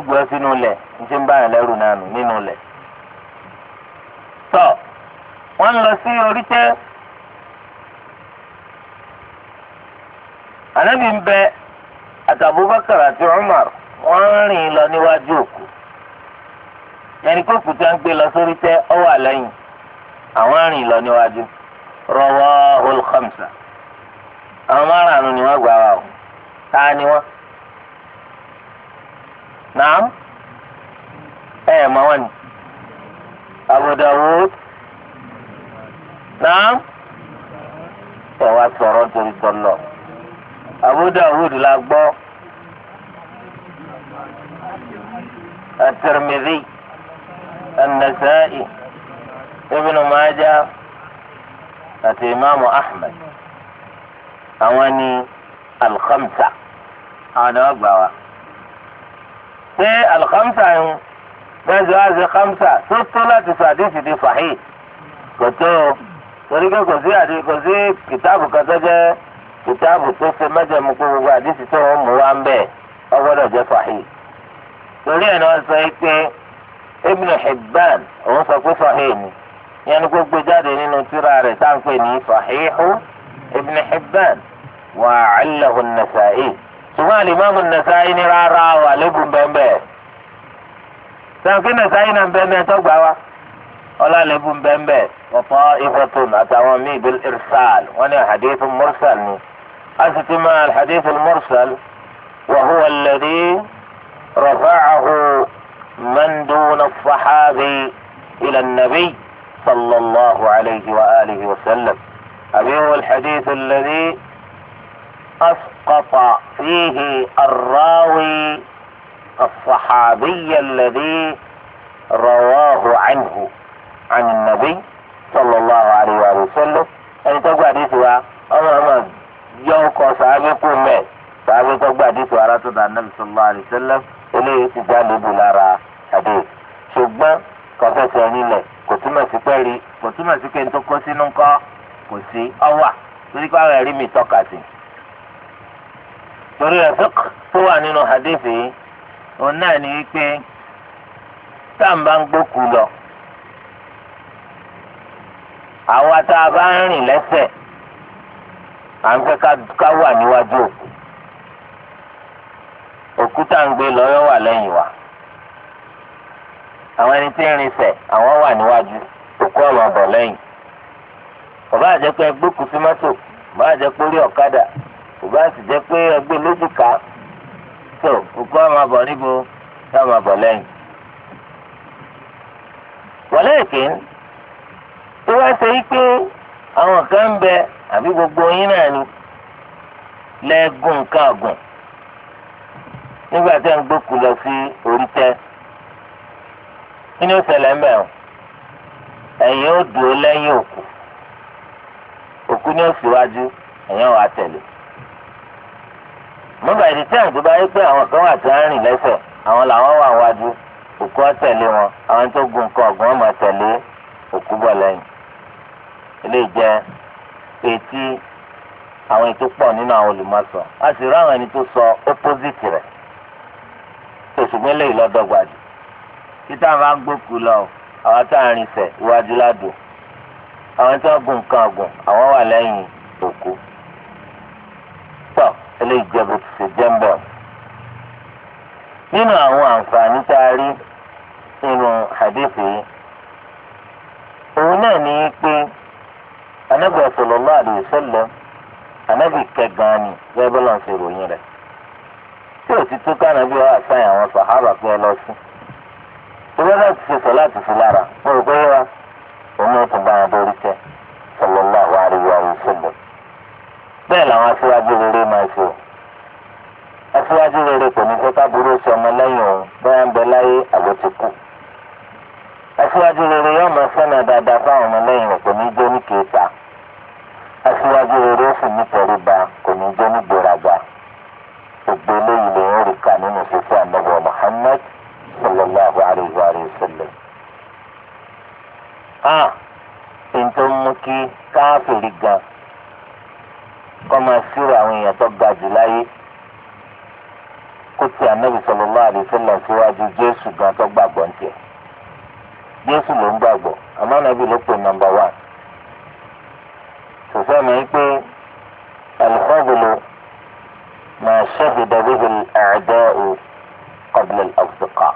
Speaker 1: ọ sínú lẹ̀ ní ti ń bá yẹn lẹ́rù náà nínú lẹ̀ tọ́ wọ́n lọ sí ànábì ń bẹ àtàbùbákàr àti Umar wọ́n rìn lọ níwájú òkú yẹnni kó kùtà ń gbé lọ sórí tẹ ọwọ́ àlẹ́yìn àwọn rìn lọ níwájú rawahul khamsa àwọn márùn ni wọ́n gbà wá o ta ni wọ́n nàám ẹ̀ mọ́ wọn ni. Abu Dawud la gbọ́ At-Tirmidhi An-Nasa'i Ibn Majah àti imaamu Ahmed àwọn ni alkhamsa àwọn ni wọ́n gbà wá ṣé alkhamsa yìí bẹ́ẹ̀ wá sí khamsa tó tó láti sọ àdéhùn ti fàáhì kò tó torí pé kò sí àdéhùn kò sí kìtáàbù kan tó jẹ́ kìtáàbù tó ṣe mẹ́jẹ̀mú kó gbogbo àdìsí tó wọ́n mú wá ń bẹ̀ ọgbọ́dọ̀ jẹ́ sàhí. torí ẹ̀ náà sọ pé Ibn Hibban òun sọ pé sàhí ni yẹn ni kó gbé jáde nínú tírà rẹ̀ tá à ń pè ní Sahihu Ibn Hibban wa 'allahu an-Nasa'i. ṣùgbọ́n àlìmáàmù nasai ní rárá o àlébùn bẹ́ẹ̀ sànkí nasai náà bẹ́ẹ̀ tọ́gbà wa ọlọ́ọ̀lẹ́bùn bẹ́ẹ̀ wọ́pọ̀ ìfọ̀tún àtàwọn míì bil irsal wọ́n ní hadithun mursal أثبت مع الحديث المرسل وهو الذي رفعه من دون الصحابي إلى النبي صلى الله عليه وآله وسلم أبيه الحديث الذي أسقط فيه الراوي الصحابي الذي رواه عنه عن النبي
Speaker 2: صلى الله عليه وآله وسلم يعني تقول حديث
Speaker 1: kọ sàábí kú mẹ́ sàábí tó gba àdìsọ ara tó dà nàbì sallallahu alaihi wasallam eléyìí ti já lóbu lára àdé ṣùgbọ́n kọfẹ́sẹ̀ nílẹ̀ kò túmọ̀ sí pé rí kò túmọ̀ sí pé n tó kó sínú kọ́ kò sí ọwà torí pé àwọn ẹ̀rí mi tọ́ka sí torí ẹ̀ fúk tó wà nínú hadith yìí òun náà ní wípé tá ń gbókù lọ àwa tá a bá ń rìn lẹ́sẹ̀ à ń fẹ́ ká wà níwájú òkú òkúta ń gbé lọ́yọ́ wà lẹ́yìn wa àwọn ẹni tí ń rinsẹ̀ àwọn wà níwájú òkú ọ̀rọ̀ ọ̀bọ̀ lẹ́yìn bàbá àjẹpẹ́ gbókùú sí mọ́tò bàbá àjẹpẹ́ orí ọ̀kadà bàbá sì jẹ́ pé ẹgbẹ́ lójúkà tó òkú àwọn abọ̀ níbo ní àwọn lẹ́yìn. wọ́lẹ́ẹ̀kì ń tí wọ́n ṣe yí pé àwọn kan ń bẹ àbí gbogbo yín náà ni lẹ́gùn nǹkan ọ̀gùn nígbà tí a ń gbókù lọ sí orí tẹ́ nínú ìṣẹ̀lẹ̀ mẹ́rin ẹ̀yin ó dúró lẹ́yìn òkú òkú ní òṣìwájú ẹ̀yin ó wá tẹ̀lé nígbà ìdí tí àǹtí bá yí pé àwọn kan wà tí wọ́n rìn lẹ́sẹ̀ àwọn làwọn wà wájú òkú ó tẹ̀lé wọn àwọn tó gun nǹkan ọ̀gùn tẹ̀lé òkú bọ̀ lẹ́yìn ilé jẹ́ pé tí àwọn ètò pọ̀ nínú àwọn olùmọ̀sọ a sì rí àwọn ẹni tó sọ opposite rẹ̀ òṣùgbọ́n lè lọ́dọ̀gba jù títà máa ń gbókù lọ àwọn tá à iwájú ládò àwọn tí wọ́n gun nǹkan ọ̀gùn àwọn wà lẹ́yìn òkú tọ́ eléyìí jẹ́ bó ti ṣe jẹ́ ń bọ̀ nínú àwọn anabi sallallahu alaihi wasallam anabi kẹgàn ni bẹ́ẹ̀ bọlọ ń ṣe ròyìn rẹ̀ tí o ti tó ká anabi wa àṣàyàn àwọn sàhábà pé ẹ lọ sí ìwé náà ti ṣe sọ láti fi lára mo rò pé wa òun ò tún bá wọn borí kẹ sallallahu alaihi wasallam bẹ́ẹ̀ làwọn aṣíwájú rere máa ṣe o aṣíwájú rere kò ní fẹ́ ká burú sí ọmọ lẹ́yìn òun bẹ́ẹ̀ ń bẹ láyé àbò ti kú aṣíwájú rere yóò máa fẹ́ràn dáadáa fáwọn ọmọ lẹ́yìn rẹ̀ kò ní jó ní kéèta onítẹ̀ríba kò ní jẹ́ nígbèraga gbogbo eléyìí lè ń rí ká nínú ìṣesí ànábọ̀ Muhammad sallallahu alayhi wa sallam. a ètò mú kí káfíìrì gan kọ́ máa ṣírò àwọn èèyàn tó ga jù láyé kó ti ànábì sallallahu alayhi wa sallam síwájú Jésù gan tó gbàgbọ́ ní tiẹ̀ Jésù ló ń gbàgbọ́ àmọ́ ànábì ló pè nọ́mbà wán. sọ̀sẹ́ mi pé. الفضل ما شهد به الأعداء قبل الأصدقاء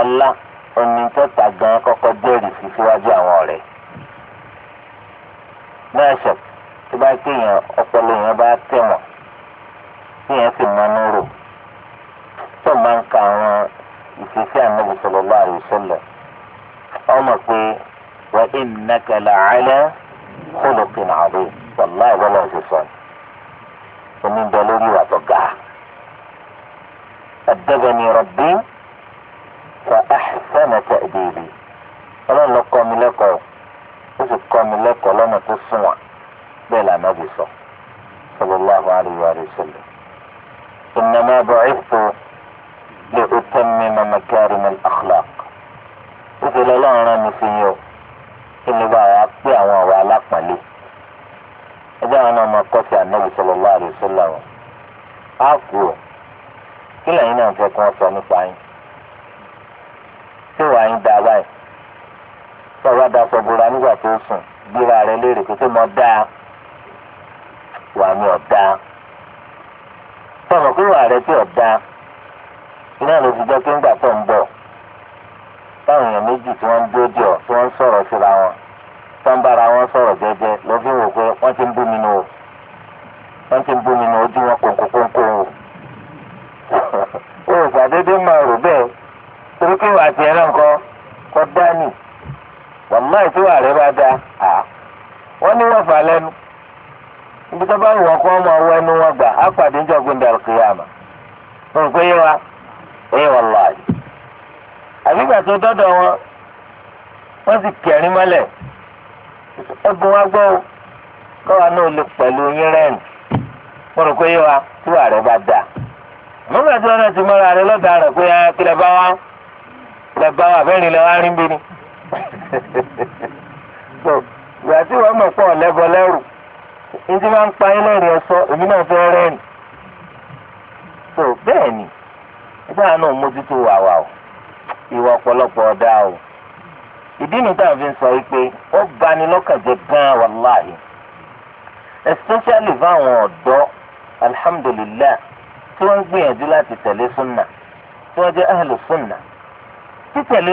Speaker 1: ọlá omi tó ta gan kọ́kọ́ jẹ́rìí sí síwájú àwọn ọ̀rẹ́ náà ṣe tó bá kéèyàn ọpọlọ yẹn bá tẹ̀wọ̀n kéèyàn sì mọnú rò tó máa ń ka àwọn ìṣesí ànábì sallallahu alaihi wasallam ọmọ pé wa innaka la'ala khuluqin 'azim wàláì bọ́lá ṣe sọ ni omi ń bẹ lórí ìwà tó ga ẹ̀dẹ́gbẹ̀ni rabbi fa ahsana ta'dili ọlọ́run ló kọ́ mi lẹ́kọ̀ọ́ ó sì kọ́ mi lẹ́kọ̀ọ́ lọ́nà tó sunwọ̀n bẹ́ẹ̀ lànà bí sọ sallallahu alayhi wa sallam innama bu'ithtu. on the sign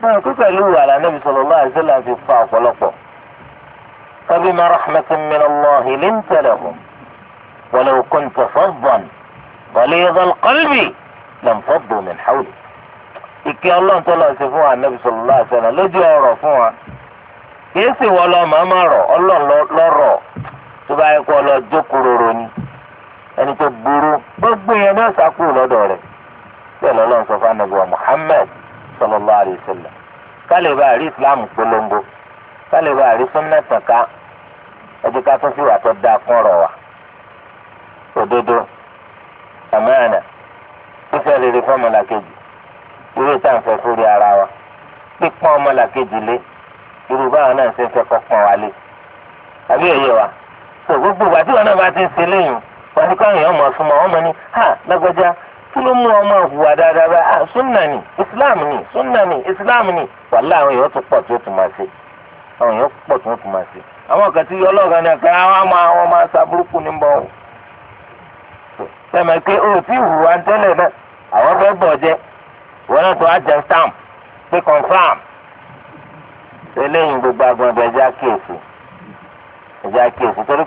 Speaker 1: báyọ̀ pé على àlà nàbì sallallahu alaihi wasallam fi fa ọ̀pọ̀lọpọ̀ fabima rahmatin min Allahi linta lahum walau kunta faddan ghalidhal qalbi lanfaddu min hawlik. ìkẹ́ ọlọ́run tó lọ́ọ́ sí fún wa nàbì sallallahu alaihi wasallam lójú ọ̀rọ̀ fún wa kìí sì wọ́n lọ màmá rọ̀ ọlọ́run lọ́rọ̀ tó bá yẹ kó ọ lọ jókòó roro ni ẹni tó burú gbogbo yẹn náà sá kúrò lọ́dọ̀ rẹ̀ bẹ́ẹ̀ lọ́lọ́run sọ fún anabi wa sallallahu alaihi wasallam kálí bá rí islam polongo kálí bá rí sunna tànká ẹjẹ ká tún sí wà tó dáa fún ọ̀rọ̀ wa òdodo àmàna fífẹ́ rere fún ọmọlàkejì irú ìtànfẹ́ sórí ara wa pípọ́n ọmọlàkejì lé irú báwọn náà ṣe ń fẹ́ kọ́kàn wa lé àbí òye wa tó gbogbo ìgbà tí wọn náà bá ti ń ṣe léyìn wọn ni káwọn èèyàn mọ̀ ọ́ súnmọ́ wọn mọ̀ ní ha lágbájá kí mú ọmọ àfùwà bá a ah, ni islam ni sunna ni islam ni wàhálà àwọn èèyàn tó pọ̀ tí ó máa ṣe àwọn èèyàn pọ̀ tí ó máa ṣe àwọn kan yọ ni àkàrà àwọn àmọ́ àwọn máa sa burúkú ní pé àwọn fẹ́ bọ̀ jẹ́ wọn náà tó stamp pé confam eléyìí gbogbo agbọ̀ndọ̀ ẹja kíyèsí ẹja kíyèsí torí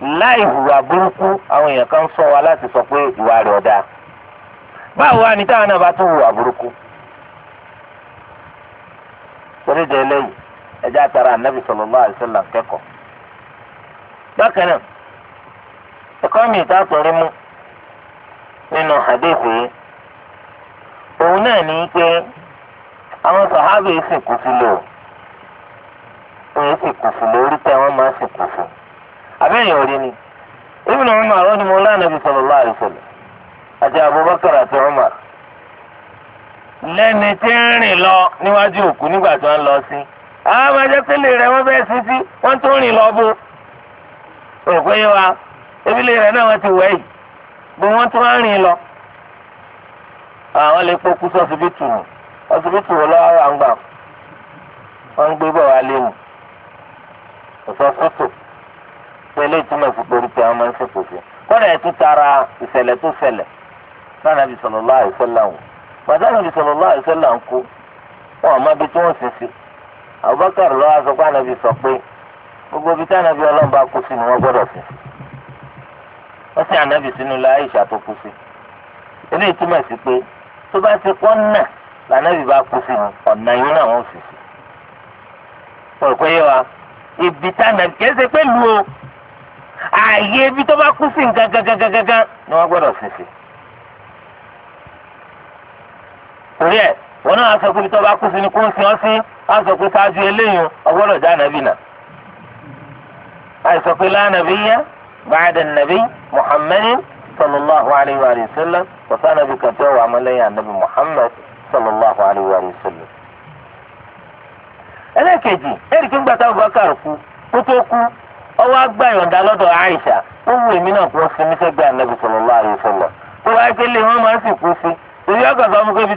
Speaker 1: láì hùwà burúkú àwọn èèyàn kan sọ wa láti sọ pé ìwà rẹ̀ ọ̀dà báwo wá ní táwọn náà bá tún hùwà burúkú torí de eléyìí ẹjẹ àtàrà anabi sallallahu alaihi wasallam kẹ́kọ̀ọ́ bákan náà ẹ̀kọ́ mi ìta nínú hadith yìí òun náà ní pé àwọn sàhábì sìnkú fún wọn ma sìnkú fún àbẹ́yẹ̀ òde ni Ibn Umar àwọn ni mo lá sọlọ sallallahu alaihi wasallam àti Abubakar àti Umar lẹ́ni tí ń rìn lọ níwájú òkú nígbà tí wọ́n lọ sí àwọn máa jẹ́ rẹ̀ wọ́n bẹ́ẹ̀ títí wọ́n tún rìn lọ bó òkú wa ebi lè náà wọ́n ti wẹ̀ yìí bí wọ́n tún wá rìn lọ àwọn lè ọsibítù lọ́wọ́ àwọn àgbà gbé bọ̀ wá pẹ̀lú ìtumọ̀ sí pẹ̀lúpẹ̀ àwọn máa ń ṣèpò kọ́nà ẹ̀ tó tara ìṣẹ̀lẹ̀ tó ṣẹlẹ̀ lánàá bí sọ̀lọ́lá àìsọ́lá wọn. pàtàkì bí sọ̀lọ́lá àìsọ́lá ń kú wọn àmọ́ bí tí wọ́n sì sí. Abubakar lọ́wọ́ sọ pé ànàbì sọ pé gbogbo ibi tí ànàbì ọlọ́run bá kú sí ni wọ́n gbọ́dọ̀ sí. wọ́n sì ànàbì sínú ilé Àìṣà tó kú sí. ilé ìtumọ̀ sí pé tó bá ti pọ́n náà lànàbì bá kú sí ọ̀nà yín náà wọ́n sì ibi tí ànàbì kì í ṣe o ààyè ibi tó bá kú sí nǹkan gangan ni wọ́n gbọ́dọ̀ sin sí. torí ẹ̀ wọn náà sọ pé ibi tó bá kú sí ni kó ń sin ọ́ sí wọ́n sọ pé ṣáájú eléyìí ọgbọ́dọ̀ já nàbì nà. àìsàn pé lánàbí yá bàdàn nàbí muhammadin sallallahu alayhi wa sallam kò sánàbí kàtó wà mọ́lẹ́yìn ànàbì muhammad sallallahu alayhi wa sallam. ẹlẹ́kẹ̀jì ẹ̀rì kí ń gbàtà Abubakar kú kó tó kú ọwọ́ gbà ìyọ̀ǹda lọ́dọ̀ Àìṣà ó wù èmi náà fún ọsẹ nífẹ̀gbẹ́ ànábì sallallahu alaihi wasallam tó wáyé pé lè wọ́n máa ń sì kú sí torí ọkọ̀ tí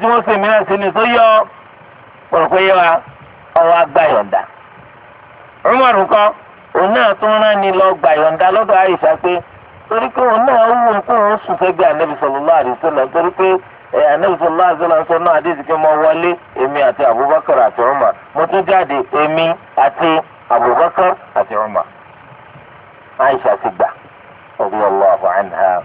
Speaker 1: wọ́n sè sí ni tó yọ lọ gbà lọ́dọ̀ pé Aisha ti gbà radiyallahu anha.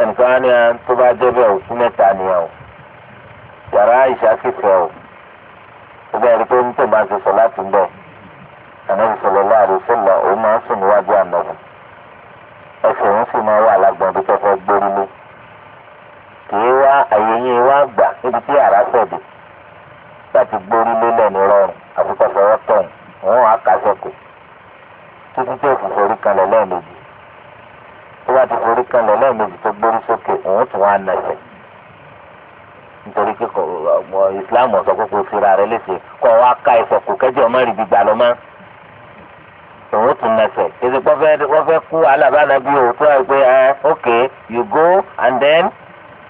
Speaker 1: ẹnìkan á ní à tó bá jẹ́ bẹ́ẹ̀ oṣù mẹ́ta ni à o yàrá Aisha sì fẹ́ o ó bẹ́ẹ̀ rí pé ń tó máa ti sọ láti ń bẹ̀ ànábi sallallahu alaihi wasallam òun máa ń sùn níwájú ànábi ẹsẹ̀ òun sì máa wà lágbọ̀n bí tẹ́tẹ́ gbórí kì í wá àyè wá gbà níbi tí yàrá fẹ̀ dé láti gbórí lẹ́nu rọrùn àfikọ́fẹ́ wọ́tọ̀ọ̀nù wọn wà á kà sẹ́kù títí tí òfin forí kanlẹ̀ lẹ́ẹ̀mejì tó bá ti forí kanlẹ̀ lẹ́ẹ̀mejì tó gbórí sókè òun tún wà nàṣẹ nítorí pé ọmọ islam sọ pé kò fira rẹ léṣe kó wá ká ìsọ̀kù kẹ́jọ ọmọ rìbí gbà lọ mọ́ òun tún nàṣẹ èsì pé wọ́n fẹ́ kú alábàánà bí òun tó wà pé ẹ ok you go and then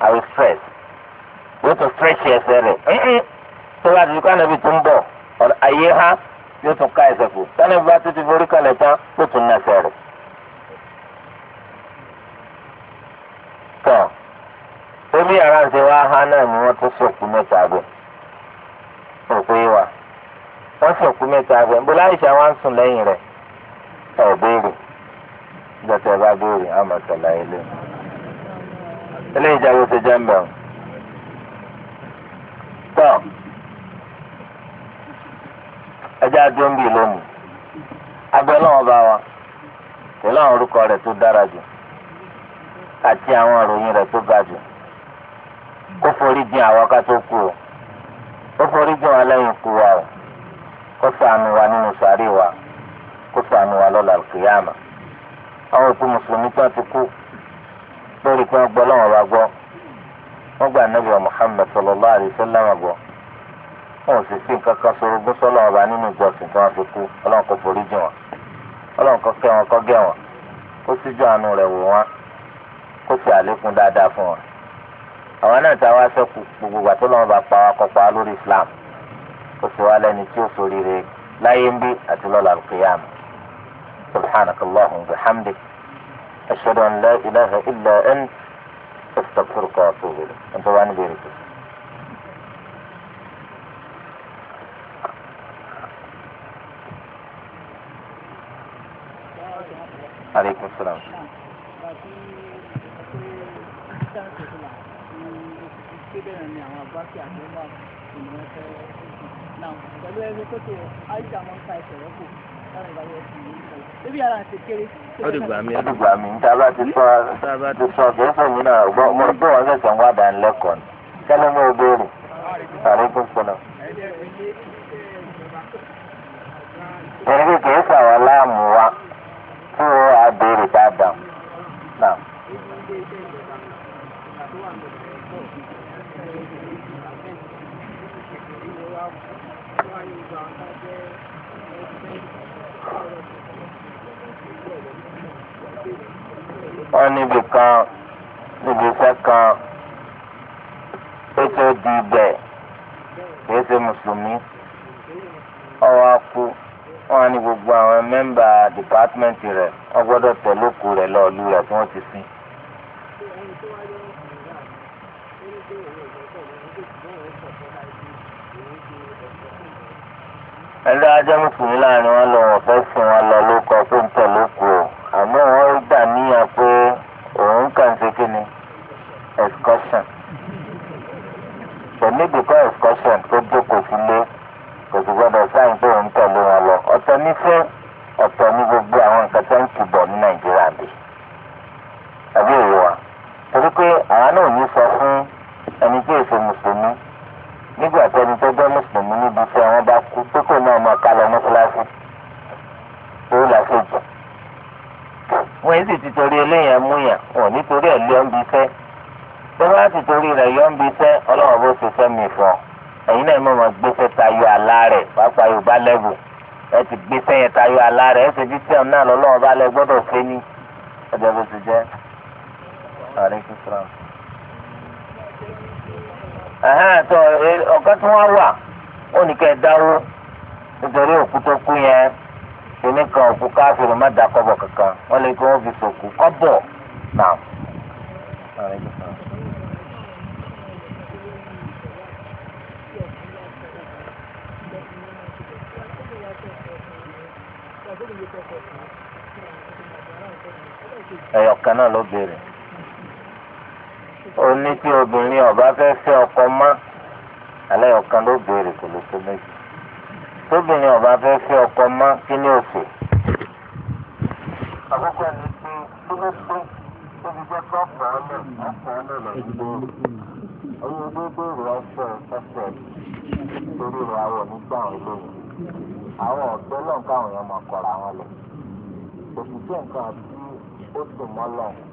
Speaker 1: i will stress wọ́n to stretch ẹsẹ̀ rẹ̀ tó bá ti kọ́ ànábì tó ń bọ̀ ayé ha yóò tún ká ẹsẹ̀ fò tẹ́lẹ̀ bá tó ti forí kalẹ̀ tán yóò tún nà ẹsẹ̀ rẹ̀. tán omi yàrá ń ṣe wá há náà ni wọ́n tún sọ̀kú mẹ́ta bẹ̀ ò pé wa wọ́n sọ̀kú mẹ́ta bẹ̀ ń bọ́ láìsí àwọn ń sùn lẹ́yìn rẹ̀ ẹ̀ béèrè gbẹ̀tẹ̀ bá béèrè àmọ̀ sọ̀lá ilé ilé ìjà yóò ṣe jẹ́ ń bẹ̀rù. tán. ẹjẹ́ adó ń bì lónìí abẹ́ lọ́wọ́ bá wa pẹ̀lú àwọn orúkọ rẹ̀ tó dára jù àti àwọn ìròyìn rẹ̀ tó ga jù kó forí jìn àwọn ká tó kú o kó forí jìn wọn lẹ́yìn kú wa o kó wa nínú wa kó wa lọ́la kìyàmà àwọn òkú mùsùlùmí tó ti kú lórí pé wọ́n gbọ́ lọ́wọ́ bá gbọ́ wọ́n gbà wa wọn ò sì fi nǹkan kan sọ̀rọ̀ gbọ́sọ́lọ́ ọba nínú ìjọsìn tí wọ́n fi kú ọlọ́run kò forí jìn wọn ọlọ́run kò kẹ́ wọn kó gẹ̀ wọn kó síjú àánú rẹ̀ wò wọn kó sì àlékún dáadáa fún wọn. àwọn náà tá a wá sẹ́kù gbogbo ìgbà tó lọ́wọ́ bá pa wá kọ́ pa á lórí Islam kó sì wá lẹ́ni tí ó ṣoríire láyé ń bí àti lọ́la alqiyam subhanaka allahumma wa bihamdik ashhadu an la ilaha illa ant astaghfiruka wa atubu ilayk aleykum salaam.
Speaker 2: pẹ̀lú ẹgbẹ́ tó tó àìsàn máa ń ka ìṣòro kù láwọn ìgbàlẹ̀ ẹ̀sìn yìí nìkan lórí ara àti kéré.
Speaker 1: ó lè gbà mí ó wa. wá níbi kan níbi iṣẹ́ kan ó tó di ibẹ̀ kìí ṣe mùsùlùmí ọwọ́ akú wọ́n á ní gbogbo àwọn mẹ́mbà dìpátímẹ́ǹtì rẹ̀ wọ́n gbọ́dọ̀ tẹ̀lé òkú rẹ̀ lọ́ọ̀lù rẹ̀ tí wọ́n ti sìn. ẹ̀dá ajá mùsùlùmí láàrin wọn lọ wọ́n fẹ́ sìn wọn lọ ló kọ tẹ̀lé òkú. ọ̀tọ̀ ní fún ọ̀tọ̀ ní gbogbo àwọn nǹkan tó ń tìbọ̀ ní nàìjíríà bí ẹbí ìwé wa torí pé àwọn náà ní sọ fún ẹni tí èso mùsùlùmí nígbà tó ẹni tó jẹ́ mùsùlùmí níbi tí àwọn bá kú pé kò náà máa ká lọ mọ́ṣáláṣí torí làṣẹjù wọ́n sì ti torí eléyàn mú yàn wọ́n nítorí ẹ̀ lé ọ́nbi iṣẹ́ bí wọ́n á ti torí rẹ̀ yọ ọ́nbi iṣẹ́ ọlọ́wọ́ bó ṣe fẹ́ mi fọ́ ẹ̀yin náà mọ̀ mọ́ gbéṣẹ́ tayọ àlá rẹ̀ pápá yorùbá lẹ́bù. ẹ ti gbé sẹ́yìn tayọ àlá rẹ̀ ẹ ṣe di sẹ́yìn náà lọ́lọ́wọ́ bá lẹ gbọ́dọ̀ ṣe ní ọjọ́ bó ti jẹ́ àríkú sọ́run. ẹ̀hán tó ọ̀gá tí wọ́n wà ó ní nítorí òkú kú yẹn kan òkú má dà kankan lè kí tí obìnrin ọba fẹ́ fẹ́ ọkọ mọ́ alẹ́ ọ̀kan ló béèrè kò ló tó méjì tóbìnrin ọba fẹ́ fẹ́ ọkọ mọ́ kí ni òfè. àkókò ẹni tí tó bá tó tó fi jẹ́ kó ọ̀pọ̀ ọ̀lẹ̀ ọ̀pọ̀ ọ̀lẹ̀ lọ sí ọyún ọdún tó rọ ọsẹ ẹsẹ torí rẹ àwọn onígbà wọn lóyún àwọn ọ̀dọ́ lọ́nkà àwọn èèyàn máa kọ̀ra wọn lọ òṣìṣẹ́ nǹkan àti ó sùn mọ́ lọ́hùn.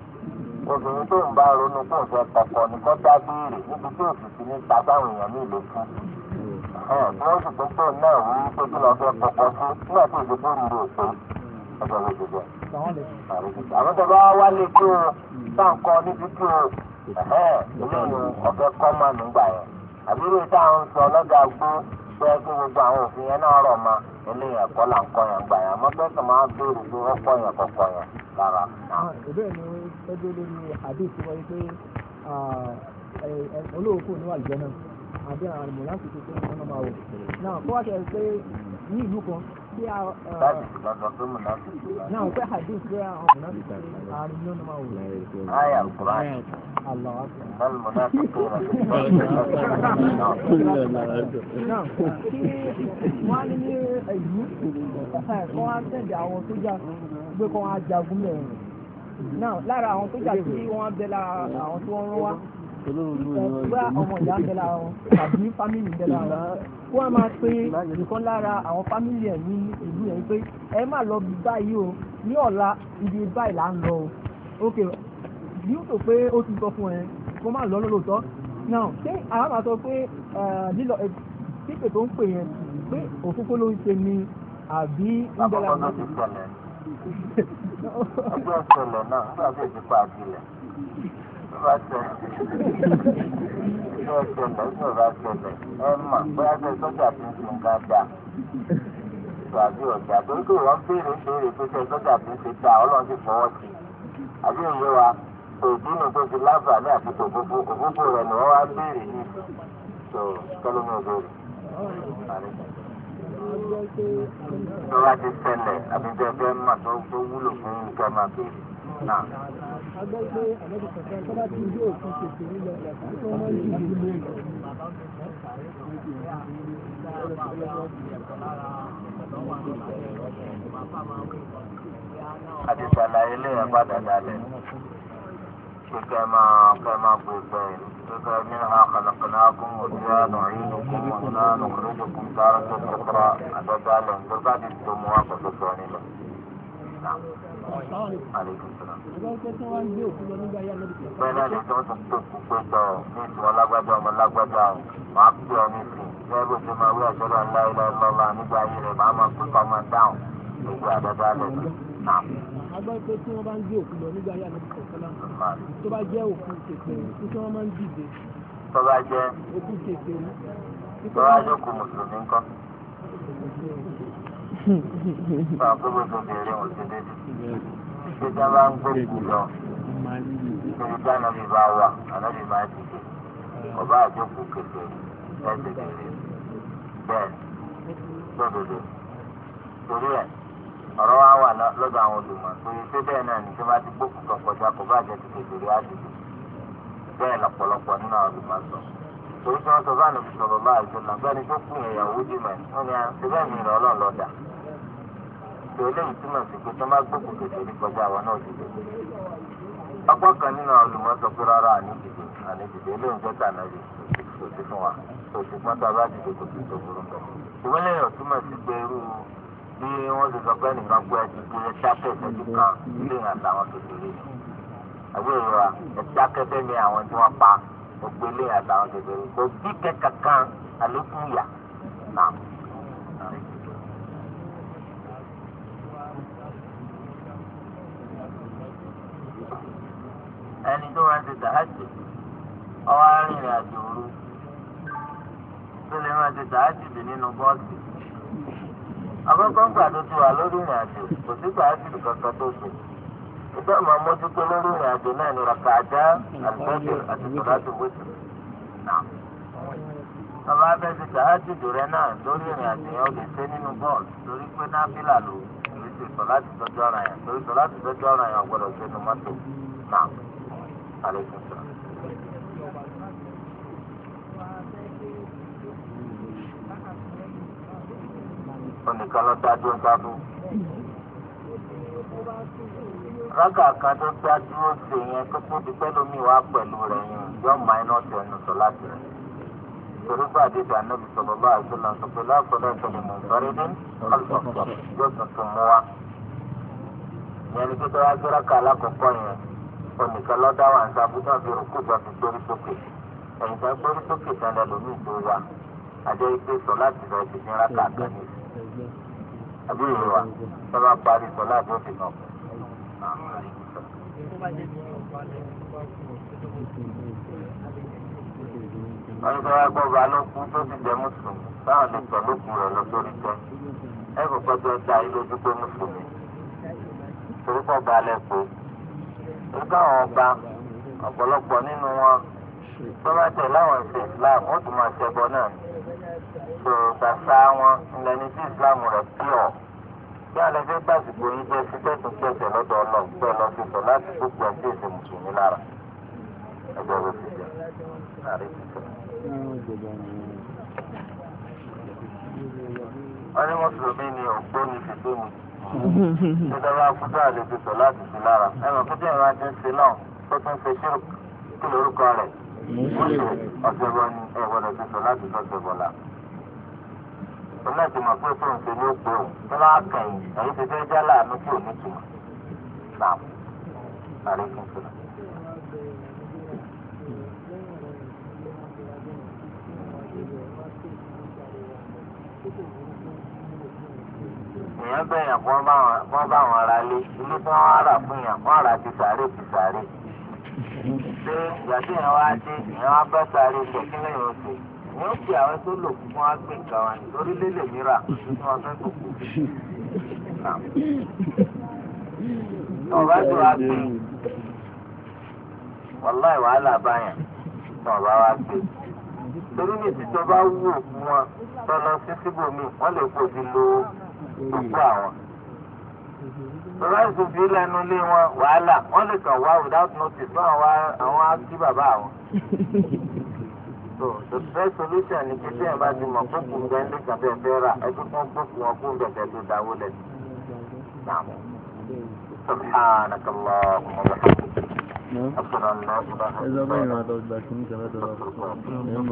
Speaker 1: obìnrin tó ń bá ronú kó fẹ́ tọkọ ní kó béèrè níbi tí òsì sí ní ta èèyàn fún. wọ́n sì tún pé náà wí pé kí lọ́ọ́ fẹ́ àwọn tó bá wálé o bá ń níbi tí o ọ̀fẹ́ kọ́ yẹn. àbúrò sọ gbó kí gbogbo àwọn òfin yẹn náà rọ̀ yẹn gbà yẹn. àmọ́ bẹ́ẹ̀ sọ máa yẹn kọ̀ọ̀kan yẹn ó dé lórí hadith wọ́n yí pé olóòkú ní àlùjọ náà àbí àwọn àlùmọ̀ láti fi pé wọ́n máa wò. náà kó wá ṣẹlẹ̀ pé ní ìlú kan tí a. náà pé hadith pé àwọn ọmọ náà ti fi àárín ní ọ̀nà máa wò. ayé àlùkùrá àlọ́ àkùrá. bálùmọ̀ náà ti tó rẹ̀. náà kí wọ́n á ní ìlú kọ́ wá tẹ̀lé àwọn sójà gbé kọ́ wá jagun mẹ́rin náà lára àwọn tó jà sí wọn bẹ lára àwọn tó ń rán wá bá ọmọ ìyá ń bẹ lára wọn tàbí fámìlì ń bẹ lára wọn kó wọn máa pe nǹkan lára àwọn fámìlì ẹ ní ìlú yẹn pé ẹ má lọ bí báyìí o ní ọ̀la ibi báyìí là ń lọ o ok bí ó tó pé ó ti sọ fún ẹ kó má lọ lóòótọ́ náà ṣé àwọn máa sọ pé lílọ pípè tó ń pè yẹn pé òfófó ló ń ṣe ni àbí ń bẹ lára wọn ọjọ́ sọlọ náà nígbà tó ti pa àbílẹ̀ bá sọ ọjọ́ sọlọ ọjọ́ bá sọlọ ẹ mà bóyá bẹ́ẹ̀ sọ́jà tó ń sun ká dà àbí ọ̀dà tó ń kéwọ́n béèrè béèrè tó sọ sọ́jà tó ń ṣe ta ọlọ́run ti fọwọ́ sí àbí òye wa òbí mi tó fi lábàá ní àkókò gbogbo ògbógbò rẹ̀ ni wọ́n wá béèrè yìí tó kẹ́lómi òbèrè
Speaker 2: tó wá ti ṣẹlẹ̀ àbíjọ fẹ́ mà
Speaker 1: tó wúlò fún nǹkan máa béèrè náà. agbẹ́ pé àbẹ́bí bá ti dé kíkẹ́ máa fẹ́ máa gbogbo ẹ̀ kíkẹ́ ní àkàlàkàlàkùn òdúrà nùhìn kún ọ̀nà nùkúrúdù kún tààrà tó kọ́kọ́rọ́ àdọ́gbà lọ nígbà tí tó mú wá pẹ̀lú sọ nílẹ̀. Bẹ́ẹ̀ni ni tó ń sọ pé gbogbo ìgbà ní ìtura lágbàgbà ọmọ lágbàgbà wàá pè ọ ní sí. Bẹ́ẹ̀ bó ṣe máa wí ọ̀ṣọ́dọ̀ ńlá ilẹ̀ ńlọ́lá nígbà yìí rẹ̀ máa máa pípa máa dáhùn gbogbo àdọ́gbà lọ agbọ́ pé tí wọ́n bá ń gbé òkú lọ nígbà yà lọ́dún kọ̀ọ̀kan tó bá jẹ́ òkú kèké ní tí wọ́n máa ń dìde. tó bá jẹ́ òkú kèké ní. tó bá jẹ́ òkú mùsùlùmí ńkọ́. fún àgbẹ̀wò tó bẹ̀rẹ̀ wọn ṣe déédéé. ṣé tí wọ́n bá ń gbé òkú lọ nítorí tí ànábì bá wà ànábì máa dìde ọba àjọkù kèké ẹ̀ẹ́dẹ̀dẹ̀ bẹ́ẹ̀ lọ́dọ̀dọ̀ torí ẹ̀. ọ̀rọ̀ wa wà lọ́dọ̀ àwọn olùmọ̀ pé bẹ́ẹ̀ náà ní sọ́ba ti kọjá bá jẹ́ ti kékeré àdìdì bẹ́ẹ̀ nínú àwọn olùmọ̀ sọ. torí tí wọ́n sọ bá sọ̀rọ̀ bá gbẹ́ni tó ìyàwó mọ̀ ní ṣé bẹ́ẹ̀ ní ìrọ̀ ọlọ́run lọ́dà. ṣé eléyìí túmọ̀ sí pé tó má kékeré kọjá àwọn náà dìde. kan nínú àwọn olùmọ̀ sọ pé rárá bí wọ́n ti sọ pé nìkan gbé ẹtì gbé ẹtàkẹ́ ìtọ́jú kan ilé yẹn àtàwọn kékeré ẹgbẹ́ ìrora ẹtàkẹ́ bẹ́ẹ̀ ni àwọn tí wọ́n pa gbogbo ilé yẹn àtàwọn kékeré kò bí kẹ́kẹ́ kan àlékún ìyà náà. ẹni tó máa ń ṣe tàájì ọwọ́ arìnrìn àjò òru tó lè máa ṣe tàájì dì nínú bọ́ọ̀sì. akụkọ ńgbà tó ti wà lórí ìrìn àjò kò sí pàápàá kankan tó ṣe ìgbà máa mójútó lórí ìrìn àjò náà ní raka àjá àgbẹ̀dẹ̀ àti tòlátò wòtí. bàbá abẹ́ ti tàájùdù rẹ náà lórí ìrìn àjò yẹn ó lè ṣe nínú lori torí pé nábìlà ló lè ṣe na tọ́jú ọ̀ràn yẹn torí tòlátò tọ́jú ọ̀ràn yẹn ṣe nu onìkan lọ dájú ń sábú. rákà kan tó dájú ó ṣe yẹn tó tó di pẹ́lómi wá pẹ̀lú rẹ̀ yẹn yọ máínọ́ọ̀tì ẹnu sọ láti rẹ̀. torí pàdé ìdá níbi sọ̀rọ̀ bá àti lọ́sọ̀ pé láàpọ̀lọ́ ìṣẹ̀lẹ̀ mọ̀ sọ́rídé ọ̀sọ̀tọ̀ yóò tuntun mú wa. ìyẹn ni kíkọ́ wá gbé rákà alákọ̀ọ́kọ́ yẹn onìkan lọ dá wà ń sábú náà fi rúkú jọ fi gbórí sókè ẹ̀yìn kan gbórí sókè tán àbúrò rẹ̀ wà tọ́lá parí sọ́lá àbọ̀dé náà. wọ́n ní sọ́wọ́ gbọ́ wa lọ́kùn tó ti jẹ́ mùsùlùmí báwọn lè tọ̀ lókun rẹ̀ lọ sórí tẹ́ ẹ kò gbọ́dọ̀ da ilójú pé mùsùlùmí torí pọ̀ balẹ̀ pé nígbà àwọn ọba ọ̀pọ̀lọpọ̀ nínú wọn tọ́lá láwọn ìṣe Islam wọ́n tún máa ṣẹbọ náà ni so bàbá wọn ńlẹni tí islam rẹ̀ pure bí alẹ́fẹ́ gbàsìkò yín jẹ́ sí bẹ́ẹ̀ tó gbẹ̀sẹ̀ lọ́dọ̀ ọlọ́gbẹ́ lọ sí sọ láti gbogbo ẹgbẹ́ èsè mùsùlùmí lára ẹgbẹ́ wo ti jẹ́ wọ́n ní mùsùlùmí ni ògbóni fìdí mi nígbàgbọ́ akúta àlejò sọ láti sí lára ẹ̀rọ tó jẹ́ ìrìn ń ṣe náà tó tún ṣe ṣírò kí lórúkọ rẹ̀ ọ̀sẹ̀ bọ́ ni ẹ̀wọ̀n ẹ̀jẹ̀ sọ láti sọ́sẹ̀ bọ́lá pẹ̀lú ẹ̀sìn mọ̀ pé fún ìṣe ní òpè òun tó bá kẹ̀yìn ẹ̀yìn ti fẹ́ jẹ́ láàánú tí ò ní tùmọ̀ náà àrí kí n sọ. èèyàn bẹ̀yàn kí wọ́n bá wọn ara lé ilé tí wọ́n rà fún yàn wọ́n rà ti sàárè ti sàárè. ṣé ìgbà tí èèyàn wá dé èèyàn wá bá sàárè ṣe kí lèèyàn ṣe wọ́n pe àwọn tó lò kú fún agbè nǹkan wa nítorí lélẹ̀ mìíràn tí wọ́n fẹ́ kó kú. ọ̀bá tó wá pé wàláì wàhálà báyà tí ọ̀bá wá pé torí ní ìtìjọ́ bá wú òkú wọn tọ́lọ sí síbòmí wọ́n lè fojú lo òkú àwọn. Bàbá ìsòfin lẹ́nu lé wọn wàhálà wọ́n lè kàn wá without notice fún àwọn akí bàbá àwọn so the best solution ni kíkẹ́ ẹ̀ bá ti mọ̀ kó kù bẹ́ẹ̀ ní kàfẹ́ fẹ́ rà ẹ tó kún kó kù wọn kú bẹ̀tẹ̀ tó dáwó lẹ̀ nàm سبحانك اللهم وبحمدك أشهد أن لا
Speaker 2: إله إلا أنت